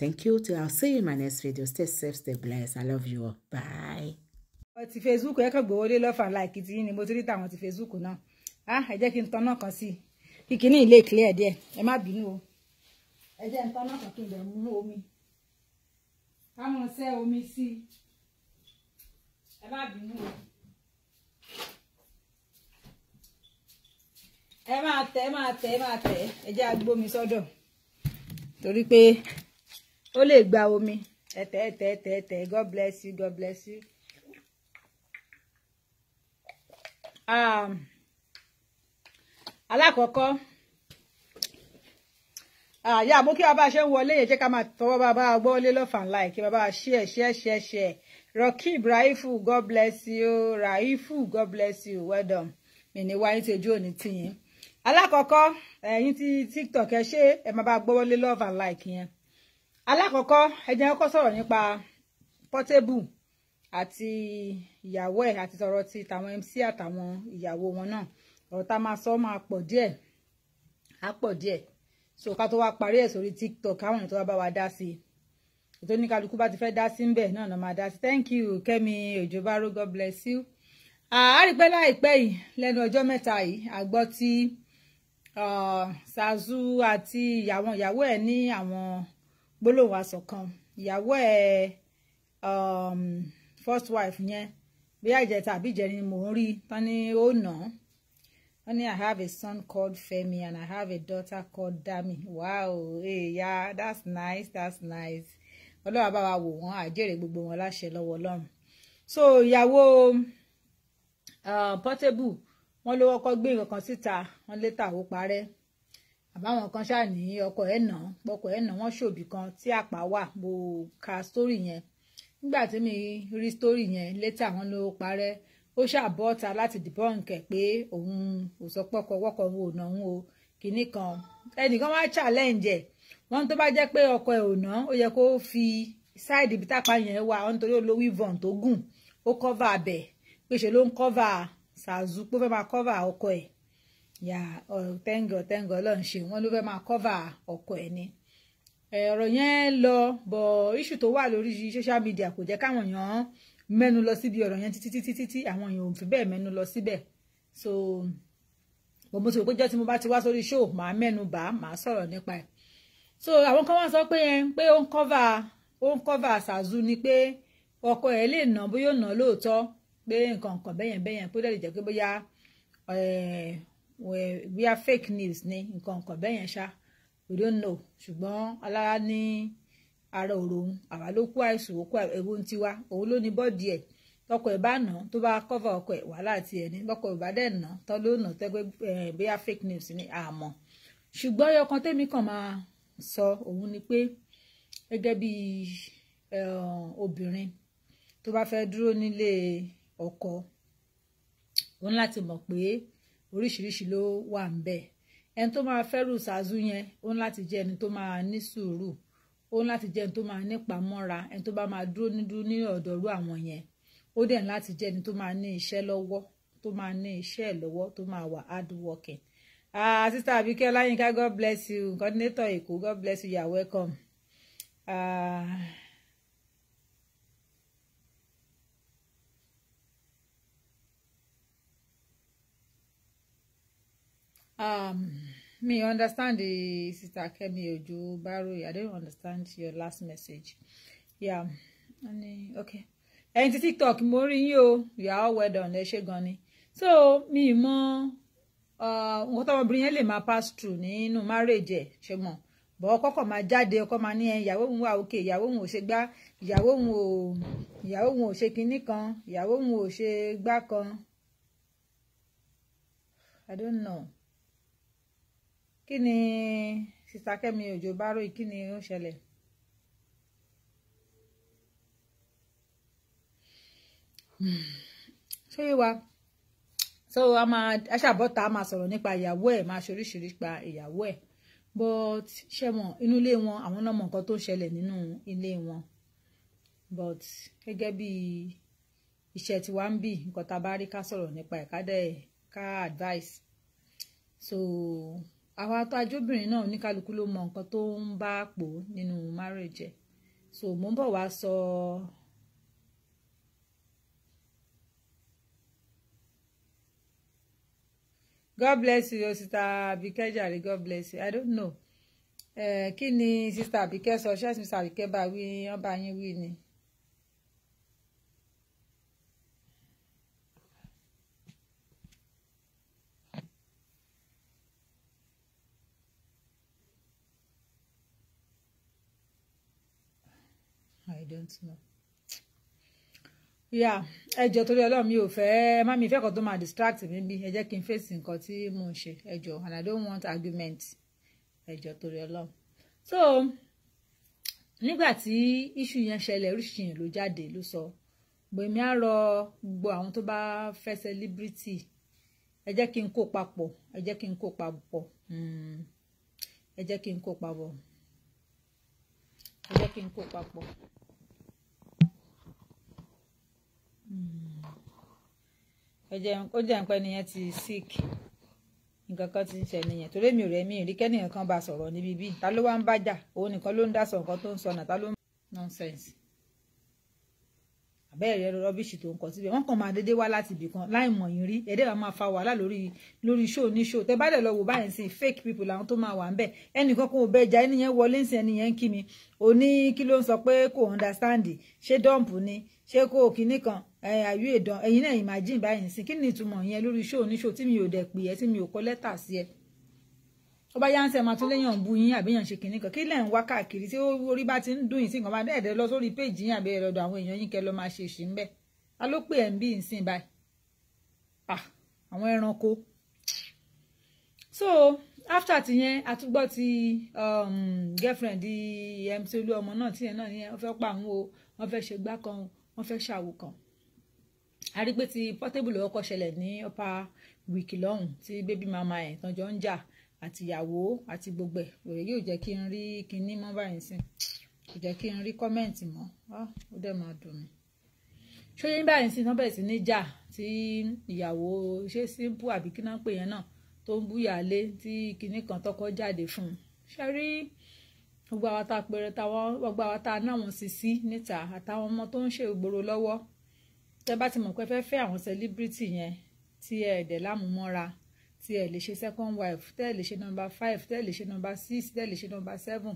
thank you till i'll see you in my next video stay safe stay blessed i love you all bye. ti facebook ẹ kàn gbowó lé lọ́fà láìkí tí ni mo ti rí tàwọn ti facebook náà ah ẹ jẹ́ kí n tan náà kan sí i kíkiní ilé clear díẹ̀ ẹ má bínú o ẹ jẹ́ n tan náà kan kí n lè mú omi káwọn sẹ́ omi sí i ẹ má bínú o. ẹ máa tẹ ẹ máa tẹ ẹ máa tẹ ẹ ó lè gba omi ẹ̀tẹ̀ ẹ̀tẹ̀ ẹ̀tẹ̀ ẹ̀tẹ̀ god bless you god bless you. Um, alákọ̀ọ́kọ́ ah, àyà mú kí bàbá ṣe ń wọlé yẹn jẹ́ ká máa tọwọ́ bàbá gbọ́ lé love and like kí bàbá share share share share Rokeeb Raifu god bless you Raifu god bless you well done mi ní wáyé tí ojú òní tì yín alákọ̀ọ́kọ́ ẹ̀yin tí tiktok ẹ ṣe ẹ máa bá gbọ́wọ́ lé love and like yẹn alákọ̀ọ́kọ́ ẹ jẹ́ kọ́kọ́ sọ̀rọ̀ nípa Portable àti ìyàwó ẹ̀ àti sọ̀rọ̀ ti tàwọn MC àtàwọn ìyàwó wọn náà ọ̀rọ̀ tá máa sọ máa pọ̀ díẹ̀ á pọ̀ díẹ̀ so ká tó wá parí ẹ̀ sórí TikTok káwọn èèyàn tó wá bá wa dá sí i ètò oníkálukú bá ti fẹ́ dá sí ńbẹ̀ náà ló máa dá sí thank you Kẹ́mi Òjòbáró God bless you àárìpẹ́ láìpẹ́ yìí lẹ́nu ọjọ́ mẹ́ta yìí àgbọ́ tí Sazu àti àwọn ìyàwó ẹ̀ ní àwọn gbólóhùn asọ̀kan ìyàwó ẹ̀ um, first wife yẹn bí àìjẹta àbí ìjẹrin ni mò ń rí tán ni ó nà án wọ́n ní I have a son called Femi and I have a daughter called Dami wow hey, eh, yeah, that's nice that's nice ọlọ́run bá wa wò wọ́n àjèrè gbogbo wọn láṣẹ lọ́wọ́ ọlọ́run so ìyàwó uh, Portable wọ́n ló kọ́kọ́ gbé nǹkan kan síta wọ́n létà ó parẹ́ àbáwọn kan ṣáà ní ọkọ ẹ̀ nà ọkọ ẹ̀ nà wọ́n ṣòbí kan tí àpá wà mo ka story yẹn nígbà tí mi rí story yẹn létà wọn ló parẹ́ ó ṣàbọ́ta láti debunk ẹ̀ pé òun ò sọ pé ọkọ wọ́kọ̀ òun ò nà òun o kìíní kan ẹnìkan wá challenge ẹ̀ wọ́n tó bá jẹ́ pé ọkọ ẹ̀ ò nà ó yẹ kó fi side ibi tápá yẹn wà wọn nítorí olówó ivon tó gùn ó cover abẹ pé ṣe ló ń cover ṣàzú pé ó fẹ́ máa cover ọkọ ẹ̀ yà thank God thank God ọlọ́run ṣeun ló fẹ́ máa cover ọkọ ẹ̀ ni ọ̀rọ̀ yẹn lọ bọ̀ iṣu tó wà lórí social media kò jẹ́ káwọn èèyàn mẹ́nu lọ síbi ọ̀rọ̀ yẹn títí títí títí àwọn èèyàn ò fi bẹ́ẹ̀ mẹ́nu lọ síbẹ̀ so bọ̀ mo ti rò pé jọ́ tí mo bá ti wá sórí show màá mẹ́nu bà á màá sọ̀rọ̀ nípa ẹ̀ so àwọn kan wá sọ pé yẹn pé ó ń cover ó ń cover ṣàzú ni pé ọkọ ẹ̀ lè nà bóyá ò nà lóòótọ́ pé nǹkan kan bẹ́yẹn bẹ́yẹn pé ó dẹ̀ lè jẹ́ pé bóyá We bóyá fake news ni nǹkan nǹkan bẹ́ẹ̀ yẹn ṣá we don't know ṣùgbọ́n alára ní ara òròun àwa ló kú àìsàn òkú ewu ń tiwa òun ló ní bọ́ọ̀dì ẹ̀ tọkọ ẹ̀ bá nà tó bá cover ọkọ ẹ̀ wàhálà ti ẹ̀ ní tọkọ ẹ̀ bá dẹ̀ nà tọ́ ló nà tẹ́gbẹ́ bóyá fake news ni àmọ́ ṣùgbọ́n ọkàn tẹ́mi kàn máa sọ òun ni pé gẹ́gẹ́ bí obìnrin tó bá fẹ́ dúró nílé ọkọ òun láti mọ̀ pé oríṣiríṣi ló wà ń bẹ̀ ẹni tó máa fẹ́rù ṣáájú yẹn ó ní láti jẹ́ ẹni tó máa ní sùúrù ó ní láti jẹ́ ẹni tó máa nípamọ́ra ẹni tó bá máa dúró nídúró ní ọ̀dọ̀rú àwọn yẹn ó dẹ̀ ní láti jẹ́ ẹni tó máa ní iṣẹ́ lọ́wọ́ tó máa ní iṣẹ́ lọ́wọ́ tó máa wà hard working. ah sister Abike Olayinka God bless you coordinator Èkó God bless you you are welcome. Uh, Um, me understand the Sister Kemi Ojo Barrow. I don't understand your last message. Yeah. Any, uh, okay. Ẹ̀yin ti TikTok mo rí o. You are well done. Ẹ ṣé gan ni. So mi mo. Uh, tó ọmọbìnrin yẹn lè máa pass through nínú marriage ẹ̀ mo. mọ̀. Bọ̀ ọkọ kọ̀ máa jáde ọkọ máa ní ìyàwó òun wà òkè ìyàwó òun ò ṣe gbá ìyàwó òun ò ìyàwó òun ò ṣe kinní kan ìyàwó òun ò ṣe gbá kan. I don't know kí ni sista Kẹ́mi Òjó Bárò kí ni ó ń ṣẹlẹ̀. Hmm. ṣé yé wa so a máa aṣàbọ̀tà a máa sọ̀rọ̀ nípa ìyàwó ẹ̀ máa ṣoríṣirí pa ìyàwó ẹ̀ but ṣé mọ̀ inú ilé wọn àwọn náà mọ̀ nǹkan tó ń ṣẹlẹ̀ nínú ilé wọn but gẹ́gẹ́ bí iṣẹ́ tiwa ń bì nǹkan tá a bá rí ká sọ̀rọ̀ nípa ẹ̀ dẹ̀ ká advice so àwa tó ajóbìnrin náà oníkálukú ló mọ nǹkan tó ń bá pò nínú marriage so mò ń bọ̀ wá sọ God bless you sister Abike jare God bless you I don't know eh, kí ni sister Abike sọ ṣé sister Abike bá wí ọba yín wí ni. don't know yeah ẹjọ torí Ọlọ́run mi ò fẹ́ ẹ má mi fẹ́ kàn tó máa distract mi bí ẹ jẹ́ kí n fèsì nǹkan tí mò ń ṣe ẹjọ and I don't want argument ẹjọ torí Ọlọ́run so nígbà tí iṣu yẹn ṣẹlẹ̀ oríṣiríṣi yẹn ló jáde ló sọ gbèmí á rọ gbogbo àwọn tó bá celebrity ẹ jẹ́ kí n kó papọ̀ ẹ jẹ́ kí n kó papọ̀ hmm. ẹ jẹ́ kí n kó ó jẹ́ nǹkan ẹnìyẹn ti sick nǹkan kan ti ń ṣe ẹnìyẹn torí èmi ò rẹ̀ rí kẹ́nìyàn kan bá sọ̀rọ̀ níbi bíi ta ló wá ń bájà òun nìkan ló ń dá sọ nǹkan tó ń sọ náà ta ló ń nonsense àbẹ́ẹ̀rẹ́ rọ́bìṣì tó ń kọ síbẹ̀ wọ́n kàn máa dédé wá láti ibì kan láì mọ̀ yín rí ẹ̀dẹ́ wa máa fa wàhálà lórí lórí show ní show tẹ́ bá dẹ̀ lọ wò báyìí sí fake people làwọn tó máa wà ń bẹ̀ ẹnìkan kò bẹ jà ẹnìyẹn wọlé ń sin ẹnìyẹn ń kí mi òní kí ló ń sọ pé kò understand ṣé dump ni ṣé kò kíní kan ayú ìdán ẹ̀yin náà imagine báyìí sí kí ni ìtumọ̀ yẹn lórí show oníṣòwò tí mi ò dẹ̀ pè ẹ́ tí mi ò kọ lẹ́tà sí ẹ ó bá yá ń sẹ́ máa tún léyàn bu yín àbí yàn ṣe kìnní kan kí lẹ̀ wá káàkiri tí orí bá ti ń dùn yín sí nǹkan bá dẹ́ẹ̀dẹ́ lọ sórí péjì yín àbí ẹ̀rọ̀dọ̀ àwọn èèyàn yín kẹ́ lọ máa ṣe sí ń bẹ̀ ta ló pè ẹ̀ ń bí ìsìn báyìí ah, àwọn ẹranko so after ti yẹn àtúgbọ́ ti um, girlfriend di MC Olúọmọ náà tí yẹn náà yẹn wọ́n fẹ́ pa àwọn o ṣe gbá kan wọ́n fẹ́ ṣàwò kan a rí pé ti Portable ló kọ́kọ́ ṣẹlẹ̀ ní upper week lọ́hùn tí baby mama ẹ̀ tán jọ ń jà àtìyàwó àti gbogbo ẹ̀ òye yóò jẹ́ kí n rí kinní mọ́ báyìí sìn kò jẹ́ kí n rí kọ́mẹ̀ǹtì mọ́ ó dẹ̀ máa dùn mí ṣóyé ń báyìí sí nọ́bẹ̀ sí níjà tí ìyàwó ṣe simple àbí kí náà pè yẹn náà tó ń búyàlé tí kinní kan tọkọ jáde fún un ṣe rí gbogbo àwọn tá a pèrè táwọn gbogbo àwọn tá a náwọn sì sí níta àtàwọn ọmọ tó ń ṣe ìgboro lọ́wọ́ tẹ́ bá ti mọ̀ pé fẹ́ fẹ́ àwọn celebrity yẹn tí ẹ dẹ̀ lámúmọ́ra tí ẹ lè ṣe second wife tẹ́ ẹ lè ṣe number five tẹ́ ẹ lè ṣe number six tẹ́ ẹ lè ṣe number seven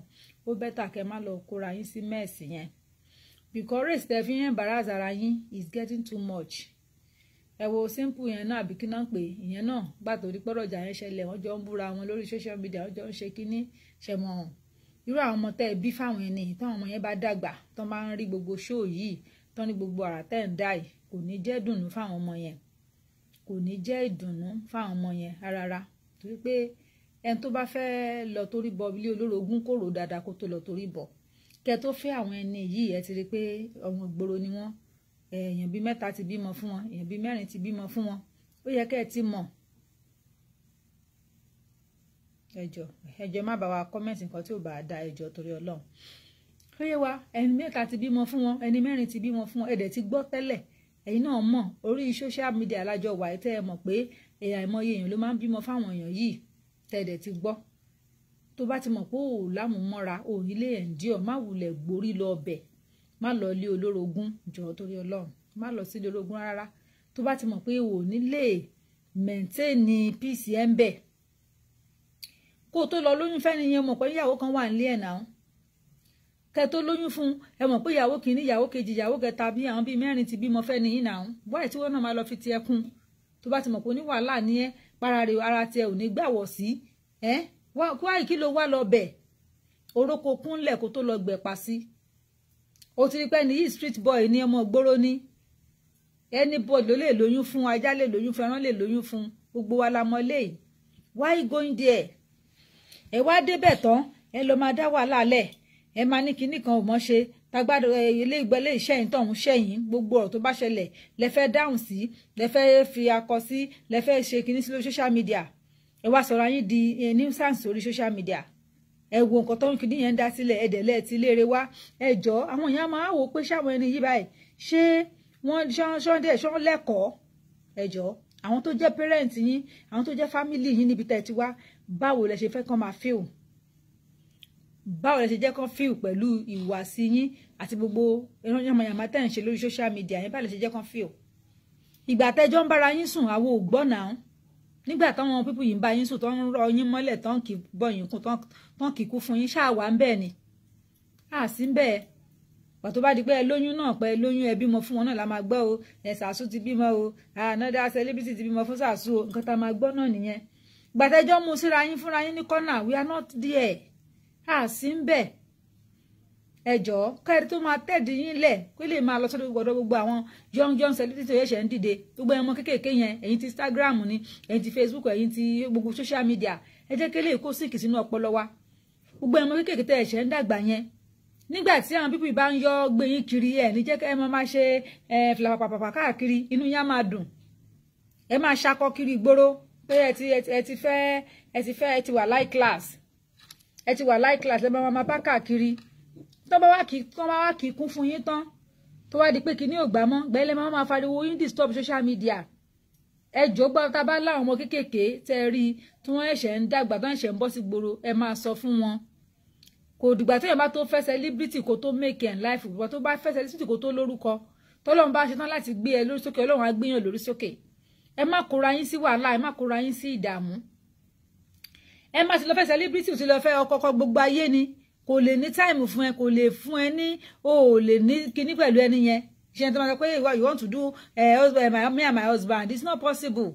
ó bẹ́tà kẹ́ má lọ kóra yín sí mẹ́ẹ̀sì yẹn because race tẹ́ fi ń embarrass ara yín is getting too much ẹ wo simple yẹn náà àbí kíná pé ìyẹn náà gbà torí pọ́rọ̀ ọjà yẹn ṣẹlẹ̀ wọ́n jọ ń búra wọn lórí social media wọ́n jọ ń ṣe kínní ṣẹ̀mọ̀ irú àwọn ọmọ tẹ́ ẹ bí fáwọn ẹni táwọn ọmọ yẹn bá dàgbà tó máa ń rí gbogbo ṣóò yìí tán ní gbogbo àrà tẹ́ ń dá yìí kò ní jẹ́ dùnnú fáwọn ọmọ yẹn kò ní jẹ́ ìdùnnú fáwọn ọmọ yẹn rárá torí pé ẹni tó bá fẹ́ lọ torí bọ ilé olórogún kò rò dáadáa kó tó lọ torí bọ kẹ tó fẹ́ àwọn ẹni yìí ẹ ti rí i pé ọmọ ìgboro ni wọ́n èèyàn bíi mẹ́ta ti bímọ fún wọn èèyàn bíi mẹ́rin ti bímọ fún wọn ó yẹ kẹ́ ẹ ti mọ̀ ẹjọ ẹjọ má bá wa kọ́mẹ̀ntì nǹkan tí ò bá da ẹjọ torí Ọlọ́run ó yé wa ẹni mẹ́ta ti bímọ fún wọn ẹni mẹ́rin ti bímọ fún wọn ẹ̀dẹ̀ ti gbọ́ tẹ́lẹ̀ ẹ̀yin náà mọ̀ orí social media lájọ wà tẹ́ ẹ mọ̀ pé èèyàn àìmọye èèyàn ló máa ń bímọ fáwọn èèyàn yìí tẹ́ ẹ̀dẹ̀ ti gbọ́ tó bá ti mọ̀ pé ò lámùmọ́ra ò ilé ẹ̀ ń díọ̀ má wulẹ̀ gborí lọ ọbẹ̀ má lọ ilé olórogún jọ̀ọ́ torí ọlọ́run má lọ sí ilé olórogún rárá tó bá ti mọ̀ pé ò nílé mẹ̀ńtẹ́ẹ̀nì pcm bẹ̀ kó o tó lọ lóyún fẹ́ni yẹn mọ̀ pé ìyàwó kan wà nílé ẹ̀ náà kẹ́ tó lóyún fún ẹ mọ̀ pé ìyàwó kìíní ìyàwó kejì ìyàwó kẹta bí àwọn bíi mẹ́rin ti bímọ fẹ́ nìyí náà wáyé tí wọ́n náà máa lọ fi ti ẹkún tó bá ti mọ̀ pé ní wàhálà ni ẹ para rẹ ara tẹ ò ní gbàwọ̀ sí ẹ wáyé kí ló wá lọ bẹ̀ oróko kúnlẹ̀ kó tó lọ gbẹ̀pà sí o ti rí pé ní yìí street boy ní ọmọ gbóró ní anybody ló lè lóyún fún ajá lè lóyún fún ẹran lè lóyún fún gbogbo wa la mọ̀ léyìí why going there ẹ wá débẹ̀ tán ẹ lọ máa dá wàhálà lẹ̀ ẹ máa ní kinní kan ò mọ́ ṣe tagbádọ eh, ilé ìgbẹ́lé ìṣẹ́yìn tọ̀hún ṣẹ́yìn gbogbo ọ̀rọ̀ tó bá ṣẹlẹ̀ lẹ dáhùn sí lẹ fi akọ sí lẹ ṣe kinní sí lórí social media ẹ wá sọ̀rọ̀ ayín di eh, nuisance orí social media ẹ wo nǹkan tó ń kinní yẹn ń dá sílẹ̀ ẹ dẹ̀lẹ́ ti léèrè wá ẹ jọ àwọn èèyàn máa wò pé ṣáwọn ẹni yí báyìí ṣé wọ́n ṣọ́ndẹ̀ ṣọ́n lẹ́kọ̀ọ́ ẹ jọ àwọn tó jẹ́ parent yín àwọn tó jẹ́ family yín níbi tẹ́ ti wá báwo lẹ ṣe fẹ́ kàn máa feel báwo lẹ ṣe jẹ́ kán fíìl pẹ̀lú ìhùwàsí yín àti gbogbo yànmọ̀yànmọ̀ tẹ̀ ń ṣe lórí social media yẹn báwo lẹ ṣe jẹ́ kán fíìl ìgbà tẹjọ́ ń bára yín sùn àwọn ò gbọ́ náà nígbà táwọn pípù yìí ń bá yín sùn tó ń rọ yín mọ́lẹ̀ tó ń kì bọ̀ yín kún tó ń kì kú fún yín ṣáà wà ń bẹ́ẹ̀ ni à sí ń bẹ́ẹ̀ wà tó bá di pé ẹ lóyún náà pé ẹ lóyún ẹ bímọ fún wọn náà la máa gbọ́ o ẹ Sàsú ti bímọ o another celebrity ti bímọ fún Sàsú o nǹkan tá a máa gbọ́ náà nìyẹn gbàtẹ́jọ́ mú síra yín fúnra yín ní kọ́nà we are not there àsí ń bẹ̀ ẹjọ́ kẹ́rin tó máa tẹ̀dí yín lẹ̀ kó lè máa lọ sọ́dọ̀ gbọ́dọ̀ gbogbo àwọn young young celebrity tó yẹ̀ṣẹ̀ ń dìde gbogbo ẹ̀mọ kéékèèké yẹn ẹ̀yin ti Instagram ni ẹ̀yin ti Facebook ẹ̀yin ti gbogbo social media ẹ jẹ́ kí lè kó sínkì sínú ọpọlọ wa gbogbo ẹ̀mọ kéékèèké tó yẹ̀ṣẹ̀ ń dàgbà yẹn nígbà tí àwọn pípì bá ń yọ gbé yín kiri ẹ̀ ní jẹ́ ẹ máa ṣe fìlàpàpàpà káàkiri inú yín á máa dùn ẹ máa ṣakọ kiri ìgboro pé ẹ ti fẹ́ ẹ ti fẹ́ ẹ ti wà láì class ẹ ti wà láì kíláàsì ẹ bá máa bá káàkiri tó bá wà kí tó bá wà kí kún fún yín tán tó wá di pé kíní ò gbà mọ́ gbẹ́lẹ́ máa máa fariwo yín disturb social media ẹ jọ̀ọ́ gbà tá a bá láwọn ọmọ kéékèèké tẹ́ ẹ rí i tí wọ́n ẹ̀ṣẹ̀ ń dàgbà tó ń ṣẹ̀ ń bọ́ sí gbòòrò ẹ máa sọ fún wọn kò dìgbà téèyàn bá tó fẹ́ celebrity kó tó make and life ìgbà tó bá fẹ́ celebrity kó tó lórúkọ tọ́lọ́run bá ṣetán láti gbé ẹ lórí sókè ọlọ́run á gbéyàn lórí sókè ẹ má kóra yín sí wàhálà ẹ má kóra yín sí ìdààmú ẹ má ti lọ fẹ́ celebrity ti lọ fẹ́ ọkọ̀ọ̀kọ̀ gbogbo ayé ni kò lè ní táìmù fún ẹ kò lè fún ẹ ní o ò lè ní kinní pẹ̀lú ẹni yẹn ṣe tó máa sọ pé you want to do uh, my, me and my husband it's not possible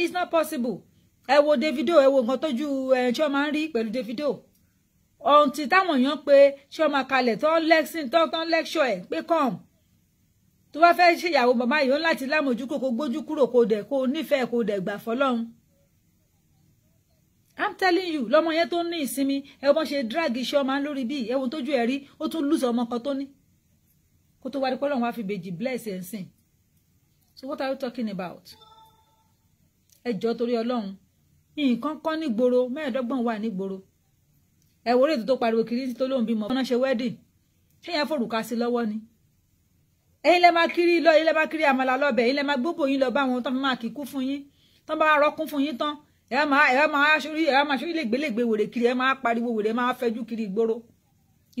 it's not possible ẹ wo Davido ẹ wo nǹkan tójú ẹ Chioma ń rí pẹ̀lú Davido ọ̀ǹtì táwọn èèyàn pé Chioma kalẹ̀ tó ń lẹ́sìn tó ń lẹ́ṣọ̀ ẹ̀ pé come tó bá fẹ́ ṣèyàwó bàbá yìí ó láti lámòjú kò kó gbójú kúrò kó dẹ̀ kó nífẹ̀ẹ́ kó dẹ̀ gbà fọlọ́run i'm telling you lọmọ yẹn tó ní ìsinmi ẹ wọ́n ṣe drag iṣẹ́ ọmọ lórí bíi ẹ̀wọ̀n tójú ẹ̀ rí ó tún lùsọ̀ ọmọ kan tó ní kó tó wá rí pọ́lọ́run wá fi bless ẹ̀ sìn so what are you talking about ẹ jọ torí ọlọ́run nǹkan kan nígboro mẹ́ẹ̀ẹ́dọ́gbọ̀n wà nígboro ẹ wo rédíò tó pariwo kiri tó lóun bímọ wọn ṣe wedding ṣé yẹn fòrùka sí lọ́wọ́ ni ẹ̀yin lẹ máa kiri lọ ẹ̀yin lẹ máa kiri àmàlà lọ́bẹ̀ ẹ̀yin lẹ máa gbóbò yín lọ bá wọn tán fi máa kíkú fún yín tán bá rọkún fún yín tán ẹ máa ẹ máa ṣorí ẹ máa ṣorí lẹgbẹlẹgbẹ wèrè kiri ẹ máa pariwo wèrè ẹ máa fẹjú kiri ìgboro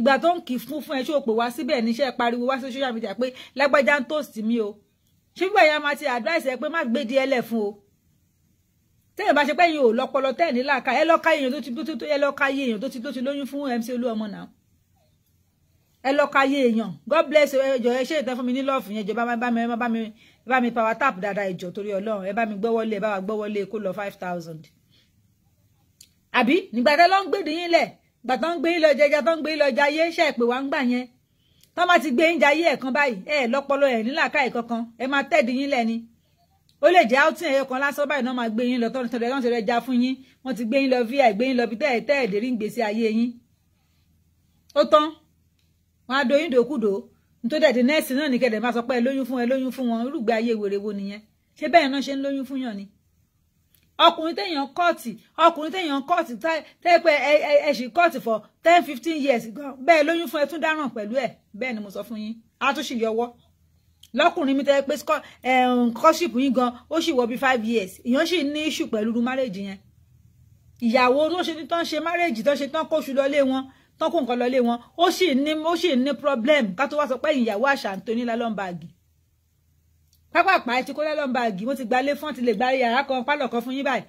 ìgbà tó ń kì í fún fún ẹ ṣó pè wá síbẹ̀ níṣẹ́ pariwo wá sí social media pé lágbájá ń tòsí mi o ṣùgbọ́n ìyá máa ti advice ẹ pé má gbé di ẹlẹ̀ fún o tẹ́yìn bá ṣe pé yìí ò lọ́pọlọ tẹ́yìn nílà ká ẹ lọ́ka èèyàn tó ti tó ẹ lọ́ka yé èèyàn tó ti tó ti lóyún fún MC Olúọmọ náà ẹ lọ́ka yé èèyàn God bless ẹ jọ ẹ ṣe ìtàn fún mi ní lọ́ọ̀fù yẹn jọba bá mi bá mi ẹ bá mi power tap dáadáa ìjọ torí Ọlọ́run ẹ bá mi gbọ́wọ́lé ẹ bá wa gbọ́wọ́lé kó lọ five thousand àbí nígbà tó lọ ń gbèdè yín lẹ gbà tó ń gbé yín lọ jẹjà tó ń gbé yín lọ jayé ṣe pé wà ń gbà yẹn tó má ti gbé yín jayé ẹ̀kan báyìí ẹ lọ́pọlọ ẹ̀ nílàkàì kankan ẹ máa tẹ̀dí yín lẹ́ni ó lè jẹ́ outing ẹ̀yọ kan lásán báyìí náà máa gbé yín lọ tọ́nu tọ́nu ẹ̀rọ ṣẹlẹ̀ já fún yín wọ́n ti gbé yín lọ vi àìgbé yín lọ bí tẹ́ẹ̀ gbèsè ayé yín ó tán wọn á do yín dòkúdòó nítorí ẹ̀dín nẹ́ẹ̀sì náà ní kẹ̀dẹ̀ máa sọ pé ẹ lóyún fún ẹ lóyún fún wọn irúgbé ayé wèrè wo nìyẹn ṣé bẹ́ẹ̀ náà ṣe ń lóyún fún yàn ni ọkùnrin téèyàn kọ́ọ̀tì ọkùnrin téèyàn kọ́ọ̀tì tẹ́pẹ́ ẹ ṣì kọ́ọ̀tì for ten fifteen years gan bẹ́ẹ̀ lóyún fún ẹ tún dáràn pẹ̀lú ẹ̀ bẹ́ẹ̀ ni mo sọ fún yín a tún ṣì yọwọ́ lọ́kùnrin mi tẹ́ pé kọ́ṣìpù eh, yín gan ó ṣì wọ bí five years èèyàn ṣì ní issue pẹ̀lú marriage yẹn ìyàwó ló ṣe tán ṣe marriage tán ṣe tán kóṣù lọlé wọn tán kó nǹkan lọlé wọn ó sì ní ó sì ní problem ká tó wá sọ pé ìyàwó àṣà ń toní lálọ́mbàgì pápápá ẹ ti kó lálọ́mbàgì wọ́n ti gba ilé fún ti lè gba yàrá kan pálọ̀ kan fún yín báyìí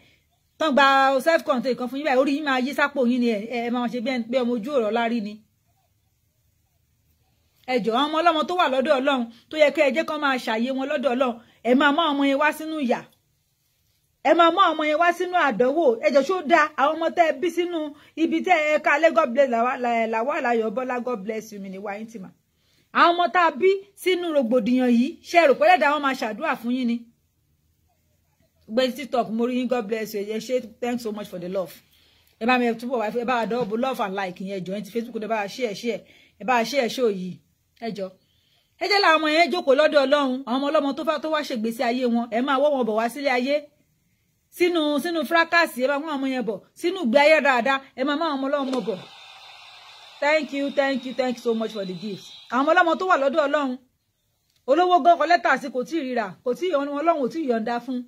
tán gba self contained kan fún yín báyìí orí yín máa yí sápò yín ni ẹ ẹ máa ṣe bí ẹni pé ọmọ ojú ọ̀rọ̀ lárí ni ẹjọ àwọn ọmọ ọlọ́mọ tó wà lọ́dọ̀ Ọlọ́run tó yẹ kí ẹjẹ kan máa ṣàyè wọn lọ́dọ̀ Ọlọ́run ẹ máa mọ ọmọ yẹn wá sínú ìyà ẹ máa mú àwọn ọmọ yẹn wá sínú àdánwò ẹjọ ṣó dáa àwọn ọmọ tẹ ẹ bí sínú ibi tẹ ẹ ká lẹ god bless làwọ àlàyọ bọlá god bless you mi ní wáyé tìmà àwọn ọmọ tá a bí sínú rògbòdìyàn yìí ṣe rò pé lẹ́dàá wọn máa ṣàdúrà fún yín ni gbé tiktok mo rí yín god bless you ẹ ṣe thanks so much for the love ẹ bá mi túbọ̀ wá ẹ bá wa dọ́ọ̀bù love and like yẹn ẹjọ ẹ ti facebook ẹ bá wa share share ẹ bá wa share show yìí ẹjọ ẹ jẹ́ làwọn ọmọ yẹn jókòó lọ́dọ̀ ọlọ́run àwọn ọmọ ọlọ́mọ tó fẹ́ tó wá ṣègbésí ayé wọn ẹ máa wọ́ wọn bọ̀ wá sílé ayé sínú sínú fúrákàsì ẹ máa mú àwọn yẹn bọ̀ sínú ìgbé ayé dáadáa ẹ máa mú àwọn ọmọ ọlọ́mọ bọ̀ thank you thank you thank you so much for the gift àwọn ọmọ ọlọ́mọ tó wà lọ́dọ̀ ọlọ́run olówó gan kọ lẹ́tà sí kò tí ì ríra kò tí ì yọnu ọlọ́run ò tí ì yọ̀ǹda fún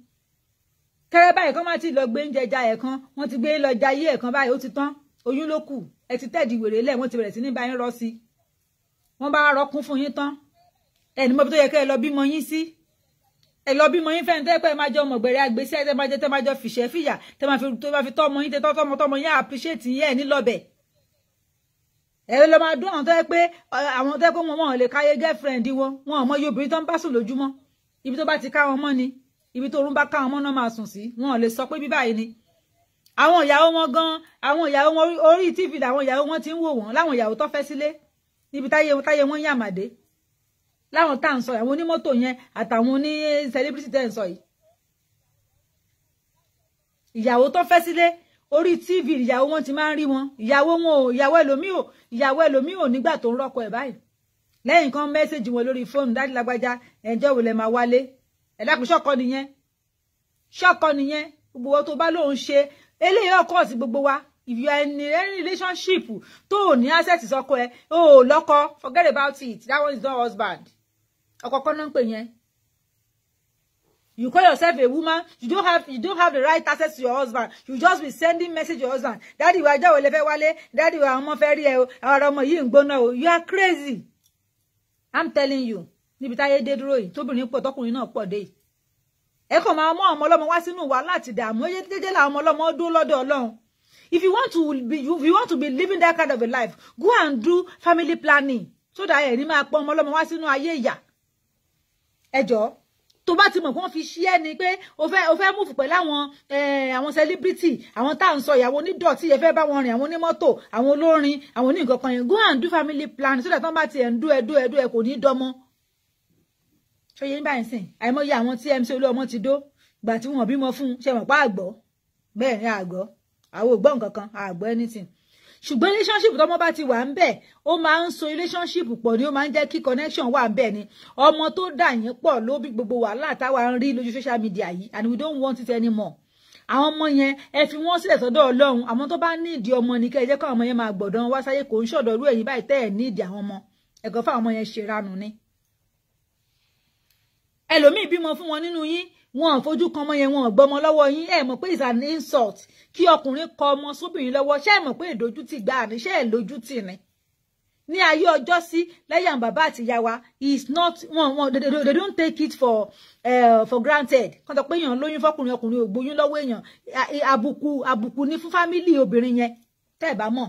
kẹrẹ báyìí kan máa ti lọ gbé oúnjẹ ja ẹ̀kan wọ́n ti gbé lọ jayé ẹ̀kan báyìí ó ti tán oyún ló kù ẹ ti tẹ́ẹ̀dì wèrè lẹ̀ wọ́n ti bẹ̀rẹ̀ sí ní báyìí rọ́ sí wọ́n bá rọ́kún fún yín tán ẹni mọ́bi tó yẹ kẹ́ ẹ lọ bímọ yín sí ẹ lọ bímọ yín fẹ́ni tẹ́pẹ́ máa jẹ́ ọmọ gbèrè àgbèsẹ́ tẹ́ máa jẹ́ tẹ́ máa jọ fìṣẹ́ fìyà tẹ́ máa fi tó máa fi tọ́mọ yín tẹ́ tọ́mọ tọ́mọ yín àpíṣẹ́tì yín ẹ̀ nílọ́bẹ̀. ẹ lọ máa dún àwọn tó yẹ pé àwọn tó yẹ pé wọn wọn lè káyé girlfriend wọn wọn ọmọ yóò obìnrin tó ń bá sùn lójúmọ́ ibi tó bá ti ká wọn mọ́ ni ibi tó rún bá ká wọn mọ́ náà máa sùn sí wọn lè sọ pé bíbáyìí ni àwọn ìyàwó wọn gan àwọn ìyàwó wọn orí tv làwọn ìyàwó wọn ti ń wò wọn láwọn ìyàwó tó fẹ́ sílé níbi táyé wọn táyé wọn yàmàdé láwọn tá à ń sọ yìí àwọn onímọ́tò yẹn àtàwọn oní celebrity tẹ́ ń sọ yìí ìyàwó tó fẹ́ sílé orí tv ìyàwó wọn ti máa ń rí wọn ìyàwó wọn ò ìyàwó ẹlòmíì ò ìyàwó ẹlòmíì ò nígbà tó ń rọ́kọ ẹ̀ báyìí lẹ́yìn kan mẹ́sẹ̀gì wọn lórí fóònù dájú lágbájá ẹ̀jọ́ wò lẹ̀ máa wálé ẹ̀dákun ṣọ́kọ nìyẹn ṣọ́kọ nìyẹn gbogbo wọn tó bá lóun ṣe eléyìí ọkọ sí gbogbo wa if you are in a relationship tó ò ní access sọ́kọ ẹ o ò forget about it that one is not husband ọ̀kọ̀ọ̀kan náà ń pè yẹn You call yourself a woman. You don't have you don't have the right access to your husband. You just be sending message to your husband. Daddy, wa ja wole fe wale. Daddy, wa ọmọ fẹ́ rí ẹ o. Ara ọmọ yìí ń gbóná o. You are crazy. I'm telling you. Níbi táyé dé dúró yìí. Tóbìnrin pọ̀ tọkùnrin náà pọ̀ dé. Ẹ kàn máa mú ọmọ ọlọ́mọ wá sínú wa láti dààmú. Ó yẹ jẹ́jẹ́ làwọn ọmọ ọlọ́mọ dúró lọ́dọ̀ If you want to be if you want to be living that kind of a life, go and do family planning so that ẹ̀rí máa pọ̀ ọmọ ọlọ́mọ wá sínú ayé ìyà ẹjọ́ tó bá ti mọ̀ pé wọ́n fi ṣí ẹni pé o fẹ́ o fẹ́ múfù pẹ̀lú àwọn àwọn celebrity àwọn tá à ń sọ ìyàwó onídọ̀tí yẹn fẹ́ bá wọn rìn àwọn onímọ́tò àwọn olórin àwọn oníǹkan yẹn go and do family plan so that wọ́n bá ti ẹ̀ ń dú ẹ̀dú ẹ̀dú ẹ̀ kò ní í dọ́mọ́. ṣòye ní báyìí sìn àìmọye àwọn tí MC Olúọmọ ti dó gbà tí wọn bímọ fún ṣe mọ̀ pá àgbọ̀ bẹ́ẹ̀ ni àgbọ̀ àwọn ògbọ́ nǹkan kan àgbọ̀ anything ṣùgbọ́n relationship tọ́mọ bá ti wà ń bẹ̀ ó máa ń so relationship pọ̀ ni ó máa ń jẹ́ kí connection wà ń bẹ̀ ni ọmọ tó dà yín pọ̀ ló bí gbogbo wàhálà táwa ń rí lójú social media yìí and we don't want it anymore àwọn ọmọ yẹn ẹ fi wọn sílẹ̀ sọ́dọ̀ Ọlọ́run àwọn tó bá nídìí ọmọ ní kẹ́ ẹ jẹ́ kó àwọn ọmọ yẹn máa gbọ̀dọ̀ wá sáyé kò ń ṣọ̀dọ̀ rú ẹ̀yìn báyìí tẹ́ ẹ̀ nídìí àwọn ọmọ ẹ̀kọ́ fáwọn ọmọ yẹn ṣe ránu ni. ẹlòmíì bímọ fún wọn nínú yín wọn ò fojú kan ọmọ yẹn wọn ò gbọmọ lọ́wọ́ yín ẹ mọ̀ pé it's an insult kí ọkùnrin kọ ọmọ sóbìnrin lọ́wọ́ ṣé ẹ mọ̀ pé ìdójútì gbà ní ṣé ẹ lójútì ni ní ayé ọjọ́ sí lẹ́yìn bàbá àti ìyá wa is not wọn wọn they, they, they don't take it for uh, for granted kàn tó pé èèyàn lóyún fọkùnrin ọkùnrin ò gbóyún lọ́wọ́ èèyàn àbùkù àbùkù ni fún fámìlì obìnrin yẹn tẹ́ ẹ bá mọ̀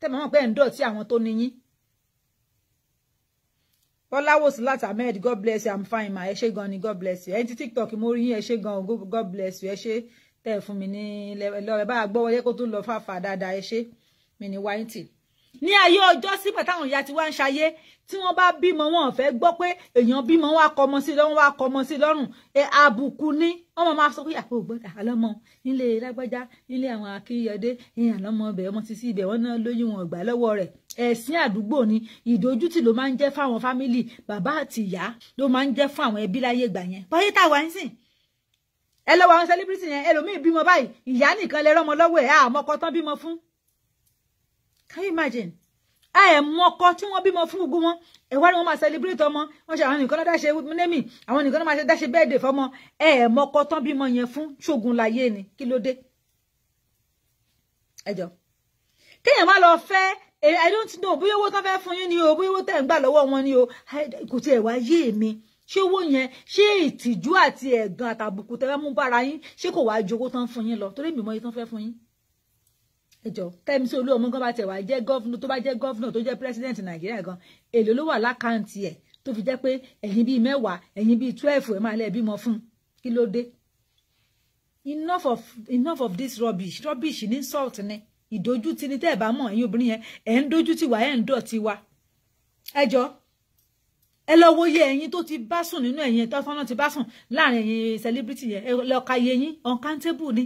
tẹ́ ẹ bá mọ̀ pé ẹ̀ ń dọ̀tí àwọn tó níyín Kọ́láwòsí láti Ahmed God bless you I'm fine ma ẹ ṣé gan ni God bless you ẹni tí TikTok mo rí yín ẹ ṣé gan God bless you ẹ ṣé tẹ̀ fún mi ní lọ́rẹ̀ bá a gbọ́ wọlé kó tó lọ fàfà dáadáa ẹ ṣé mi ní wáyìntì ní ayé ọjọ́ sígbà táwọn ìyá ti wá ń ṣayé tí wọ́n bá bímọ wọn fẹ́ gbọ́ pé èèyàn bímọ wá kọmọ sí lọ́rùn wá kọmọ sí lọ́rùn àbùkù ni wọ́n máa sọ pé àpò ògbọ́dà àlọ́mọ nílé lágbájá nílé àwọn akíyọdé ìyẹn àlọ́mọ ibẹ̀ ọmọ títí ibẹ̀ wọ́n náà lóyún wọn gbà lọ́wọ́ rẹ̀ ẹ̀sìn àdúgbò ni ìdójútì ló máa ń jẹ́ fáwọn fámìlì bàbá àti ìyá ló máa ń jẹ́ fún àwọn ẹbí láyé ìgbà yẹn bọ́yé táwa ń sìn ẹ lọ́wọ́ àwọn sẹlẹ́bírìtì yẹn ẹlòmíì bímọ báyìí ìyá nìkan lè rọ́mọ lọ́wọ́ ẹ̀ àmọ́kọ tán bímọ fún can you imagine ẹ mọ ọkọ tí wọ́n be more gbogbo wọn ẹ wá ní wọ́n máa celebrate ọmọ wọ́n ṣe àwọn nìkan náà dáṣe nẹmì àwọn nìkan náà máa ṣe dáṣe bẹ́ẹ̀dẹ̀ fọ́mọ ẹ mọ ọkọ tán bímọ yẹn fún ṣogun láyé ni kilode. ló dé ẹjọ kéèyàn má lọ i don't know bóyá owó tán fẹ́ fún yín ni o bóyá owó tẹ́ ń gbà lọ́wọ́ wọn ni o kò tiẹ̀ wá yé mi ṣé owó yẹn ṣé ìtìjú àti ẹ̀gàn àtàbùkù tẹ́ fẹ́ mú bára yín ṣé kò wá ju owó tán fún yín mi mọ iye tán fẹ́ fún yín ẹjọ tẹmí sí olúwọmọ gan bá tẹ wá jẹ gọvnọ tó bá jẹ gọvnọ tó jẹ pírẹsidẹǹtì nàìjíríà gan èlò ló wà lákàǹtì ẹ tó fi jẹ pé ẹ̀yin bíi mẹ́wàá ẹ̀yin bíi twelve ẹ máa lẹ bímọ fún kí ló dé enough of enough of this rubbish rubbish ní salt ni ìdójútì ni tẹ ẹ bá mọ ẹ̀yin obìnrin yẹn ẹ ń dójútì wá ẹ ń dọ̀tí wa ẹjọ ẹ lọ wo iye ẹ̀yin tó ti bá sùn nínú ẹ̀yin tó fọnà ti bá sùn láàrin ẹ̀yin celebrity yẹn ẹ lọ ka iye yín uncountable ni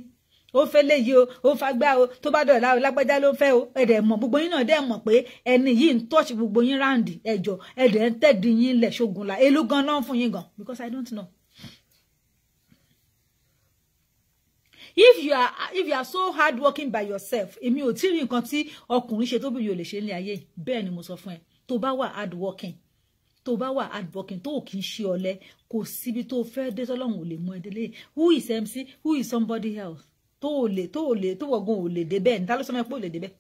ó fẹ́ léyìí o ó fagbá o tó bá dọ̀la o lágbájá ló fẹ́ o ẹ̀dẹ̀ mọ̀ gbogbo yín náà dẹ̀ mọ̀ pé ẹni yìí ń tọ́ọ̀ṣì gbogbo yín ráǹdì ẹ̀jọ̀ ẹ̀dẹ̀ ń tẹ̀dí yín lẹ̀ ṣogun la elú gan náà fún yín gan because I don't know. if you are if you are so hardworking by yourself èmi ò tí rí nǹkan tí ọkùnrin ṣe tóbi yóò lè ṣe ní ayé bẹ́ẹ̀ ni mo sọ fún ẹ tó bá wà hardworking tó bá wà hardworking tó kì í ṣe ọ̀lẹ kò síbi tó fẹ́ dé tọ́lọ́run ò lè mú ẹ délé who is MC who is somebody else tó o lè tó o lè tó wọ̀gùn ò lè débẹ̀ níta ló sọ fún pé ò lè débẹ̀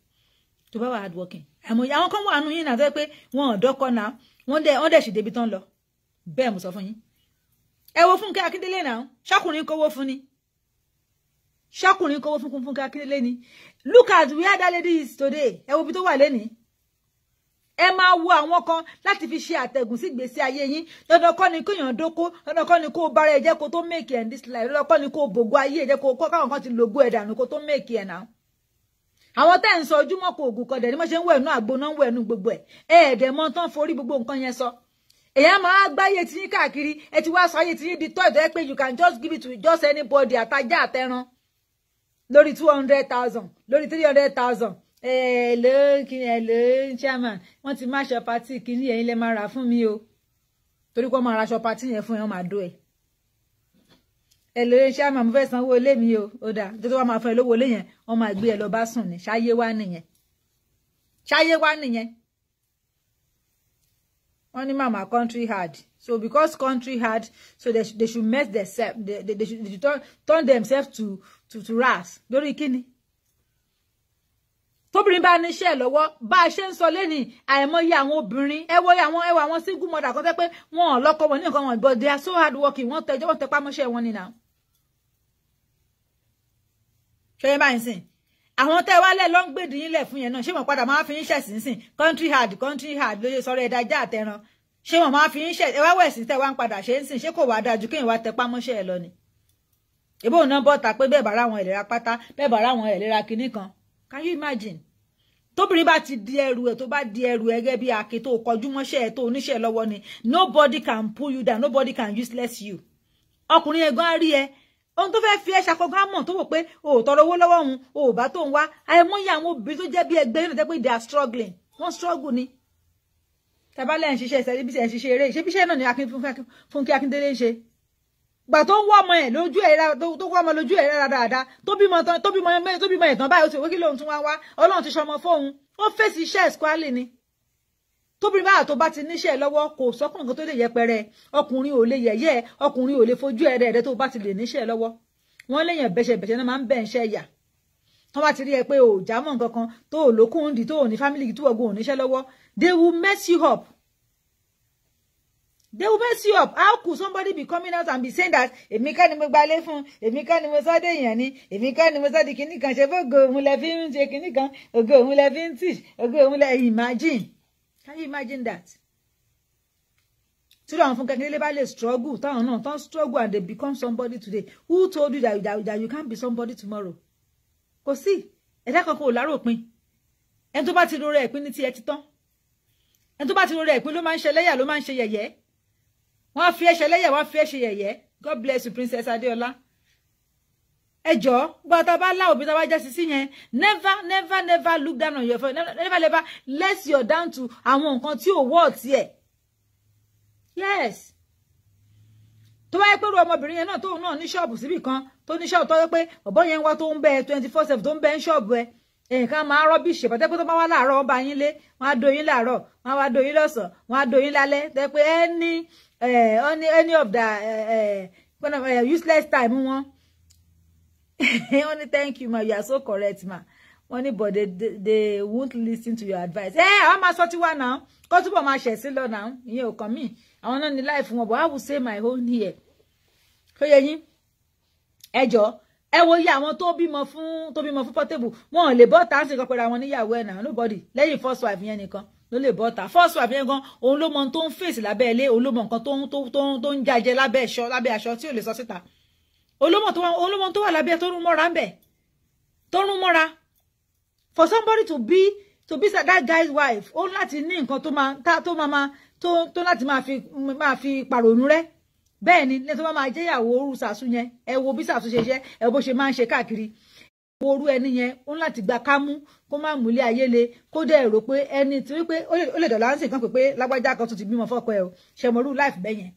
tó bá wà hard working àmọ̀yé àwọn kan wà nù yín náà tó yẹ pé wọn ò dọ́kọ́ náà wọ́n dẹ̀ wọ́n dẹ̀ sì débi tán lọ bẹ́ẹ̀ mo sọ fún yín ẹ wo Fúnkẹ́ Akíndélé náà ṣọkùnrin kówó fún ni ṣọkùnrin kówó fún Akíndélé ni look at where that lady is today ẹ wo ibi tó wà lénìí ẹ máa wo àwọn kan láti fi ṣe àtẹ̀gùn sí ìgbésí ayé yín dandan kọ́ ni kéèyàn dóko dandan kọ́ ni kó o bára ẹ jẹ́ kó tó make ẹ̀ this life dandan kọ́ ni kó o bògo ayé ẹ jẹ́ kó o kọ́ káwọn kan ti lògo ẹ̀ dànù kó tó make ẹ̀ náà. àwọn tẹ́ ń sọ ojúmọ́ kò ògùn kan dẹ̀ ni wọ́n ṣe ń wẹ̀ nú àgbo náà ń wẹ̀ nú gbogbo ẹ̀ ẹ̀ ẹ̀dẹ̀ mọ́ tán forí gbogbo nǹkan yẹn sọ èèyàn máa gbáyé tí yín káàkiri ẹ ti wá sọ ayé tí yín di tọ́jú ẹ to just anybody àtajá hello kìíní hello chairman wọ́n ti má aṣọ pati kìíní ẹ̀yin lẹ máa rà fún mi o torí kó máa ra aṣọ pati yẹn fún ẹ wọ́n máa dó ẹ hello chairman mo fẹ́ sanwó ilé mi o ó dáa tó tó wá máa fún ẹ lówó ilé yẹn wọ́n máa gbé ẹ lọ bá sùn ní ṣáyé wá nìyẹn ṣáyé wá nìyẹn wọ́n ní mama country hard so because country hard so they, they should mess their self. they, they should, they should turn, turn themselves to to to rats lórí kíni tóbìnrin bá níṣẹ́ lọ́wọ́ bá a ṣe ń sọ lẹ́nìí àìmọye àwọn obìnrin ẹwọ́ àwọn ẹwà àwọn single mother kan tẹ́ pé wọn ò lọ́kọ wọn ní nǹkan wọn but they are so hard working wọ́n tẹjọ́ wọ́n tẹpá mọ́ṣẹ́ wọn nìyà. ṣọyẹ báyìí sìn àwọn tẹ́ wálẹ̀ ló ń gbèdì yínlẹ̀ fún yẹn náà ṣé wọ́n padà máa fi ń ṣẹ̀sìn sìn country hard country hard lóye sọ̀rọ̀ ẹ̀dá ajá àtẹran ṣé wọ́n máa fi ń ṣẹ̀ ẹ wá wẹ̀sìn tẹ́ wá ń padà ṣe ń sìn ṣé kò wá dájú kéèyàn wá tẹpá mọ́ṣẹ́ ẹ lọ ni. ìbò náà bọ́ta pé bẹ́ẹ̀ bá ra àwọn ìlera pátá bẹ́ẹ̀ bá ra àwọn ìlera kinní kan can you imagine tóbìnrin bá ti di ẹrù ẹ tó bá di ẹrù ẹ gẹ́gẹ́ bí àáké tó kọjú mọ́ṣẹ́ ẹ tó oníṣẹ́ lọ́wọ́ ni nobody can pull you down nobody can useless you ọkùnrin yẹn gan rí ẹ ohun tó fẹ́ fi ẹ ṣàkọgán mọ̀ tó wò pé o ò tọrọ owó lọ́wọ́ òun o ò bá tó ń wá àìmọye àwọn obìnrin tó jẹ́ bí ẹgbẹ́ yóò jẹ́ they are struggling wọ́n struggle ni tàbálẹ̀ ń ṣiṣẹ́ ìṣẹ́ bí ṣe ń ṣiṣẹ́ eré ìṣẹ́bíṣẹ́ náà ni fúnkẹ́ akíndélé ń ṣe gbà tó ń wọ́ ọmọ ẹ̀ lójú ẹ̀ tó wọ́ ọmọ lójú ẹ̀ dáadáa tó bímọ tó bímọ tó bímọ ẹ̀tàn báyìí ó sì wé kí lóun tún wá wá ọlọ́run ti ṣọmọ fóun ó fèsì iṣẹ́ ẹ̀sìkwálì ni tóbìnrin báyà tó bá ti níṣẹ́ lọ́wọ́ kò sọ́kùnrin kan tó lè yẹpẹrẹ ọkùnrin ò lè yẹ̀yẹ́ ọkùnrin ò lè fojú ẹ̀rẹ́ ẹ̀rẹ́ tó bá ti lè níṣẹ́ lọ́wọ́ wọ́n léèyàn bẹ́sẹ̀bẹ́sẹ̀ náà máa ń bẹ̀ ń ṣẹ́ yà wọ́n bá ti rí ẹ pé ò jámọ̀ nǹkan kan tó ò lókùn dì tó ò ní fámìlì tó ọgbọ́n ò níṣẹ́ lọ́wọ́ they will mess you up They will mess you up. How could somebody be coming out and be saying that èmi kọ́ ni mo gbalé fún, èmi kọ́ ni mo sọ dé èèyàn ni, èmi kọ́ ni mo sọ di kinní kan ṣe fún ògo òun fi ń ṣe kan, ògo òun lẹ fi ń tì, ògo òun imagine. Can you imagine that? Tí àwọn Fúnkẹ́ Akíndélé bá lè struggle táwọn náà tán struggle and they become somebody today. Who told you that, that, that you can't be somebody tomorrow? Kò sí, ẹ̀dá kankan ò lárò pin. Ẹni tó bá ti rọrẹ́ ẹ̀pin ní tiẹ̀ ti tán. Ẹni tó bá ti rọrẹ́ ẹ̀pin ló máa ń ṣe lẹ́yà ló máa ń ṣe yẹ̀yẹ́ wọ́n fi ẹsẹ̀ lẹ́yẹ̀ wọ́n fi ẹsẹ̀ yẹ̀yẹ́ god bless you princess adeola ẹjọ́ gbọ́dọ̀ tá a bá láwọ̀ bí tá bá jẹ́ sisi yẹn never never never look down on your phone never never, never let your down to àwọn nǹkan tí ò wọ́ ọ̀tí ẹ̀ yes tó wáyé pé ọmọbìnrin yẹn náà tóun náà ní ṣọ́ọ̀bù síbì kan tó ní ṣọ́ọ̀bù tó yẹ pé ọ̀bọ yẹn ń wá tó ń bẹ twenty four seven tó ń bẹ ń ṣọ́ọ̀bù ẹ̀ nǹkan máa ń rọ́bìṣì pàtẹ́ pé tó bá wá láàárọ̀ wọn bá yín lé wọn á do yín láàárọ̀ wọn á wá do yín lọ́sàn wọn á do yín lálẹ́ tẹ́ pé eh, any any of the uh, useless time wọn wọn ní thank you ma you are so correct ma wọn ní but they, they, they won't listen to your advice ẹ àwọn máa sọ tiwa náà kó túbọ̀ máa ṣẹ̀ sí lọ́nà ìyẹn ò kàn mí àwọn náà ní láì fún wọn but I will say my own here ó yẹ yín ẹ jọ̀ọ́ ẹ wo iye àwọn tó bímọ fún tó bímọ fún Portable wọn ò lè bọ́ ta sí kọpẹ́ra wọn níyàwó ẹ̀ náà nobody lẹ́yìn first wife yẹn nìkan ló lè bọ́ ta first wife yẹn gan òun ló mọ tó ń fèsì lábẹ́ ilé òun ló mọ nǹkan tó ń tó ń tó ń jajẹ lábẹ́ aṣọ lábẹ́ aṣọ tí ò lè sọ síta olómọ tó wà olómọ tó wà lábẹ́ tó rún mọ́ra ń bẹ̀ tó rún mọ́ra for somebody to be to be that guy's wife ó láti ní nǹkan tó máa tó máa tó láti máa fi máa fi pàrònú rẹ́ bẹ́ẹ̀ ni ní tó bá máa jẹ́yàwó orú sàṣù yẹn ẹ wo bí sàṣù ṣe jẹ́ ẹ bó ṣe máa ń ṣe káàkiri wo orú ẹni yẹn ó ń láti gba kámú kó má múlé ayé le kó dẹ̀ rò pé ẹni torí pé ó lè dọ̀là ń sìn kan pé pé lágbájá kan tún ti bímọ fọ́kọ ẹ o ṣẹmọrú láìfù bẹ́ẹ̀ yẹn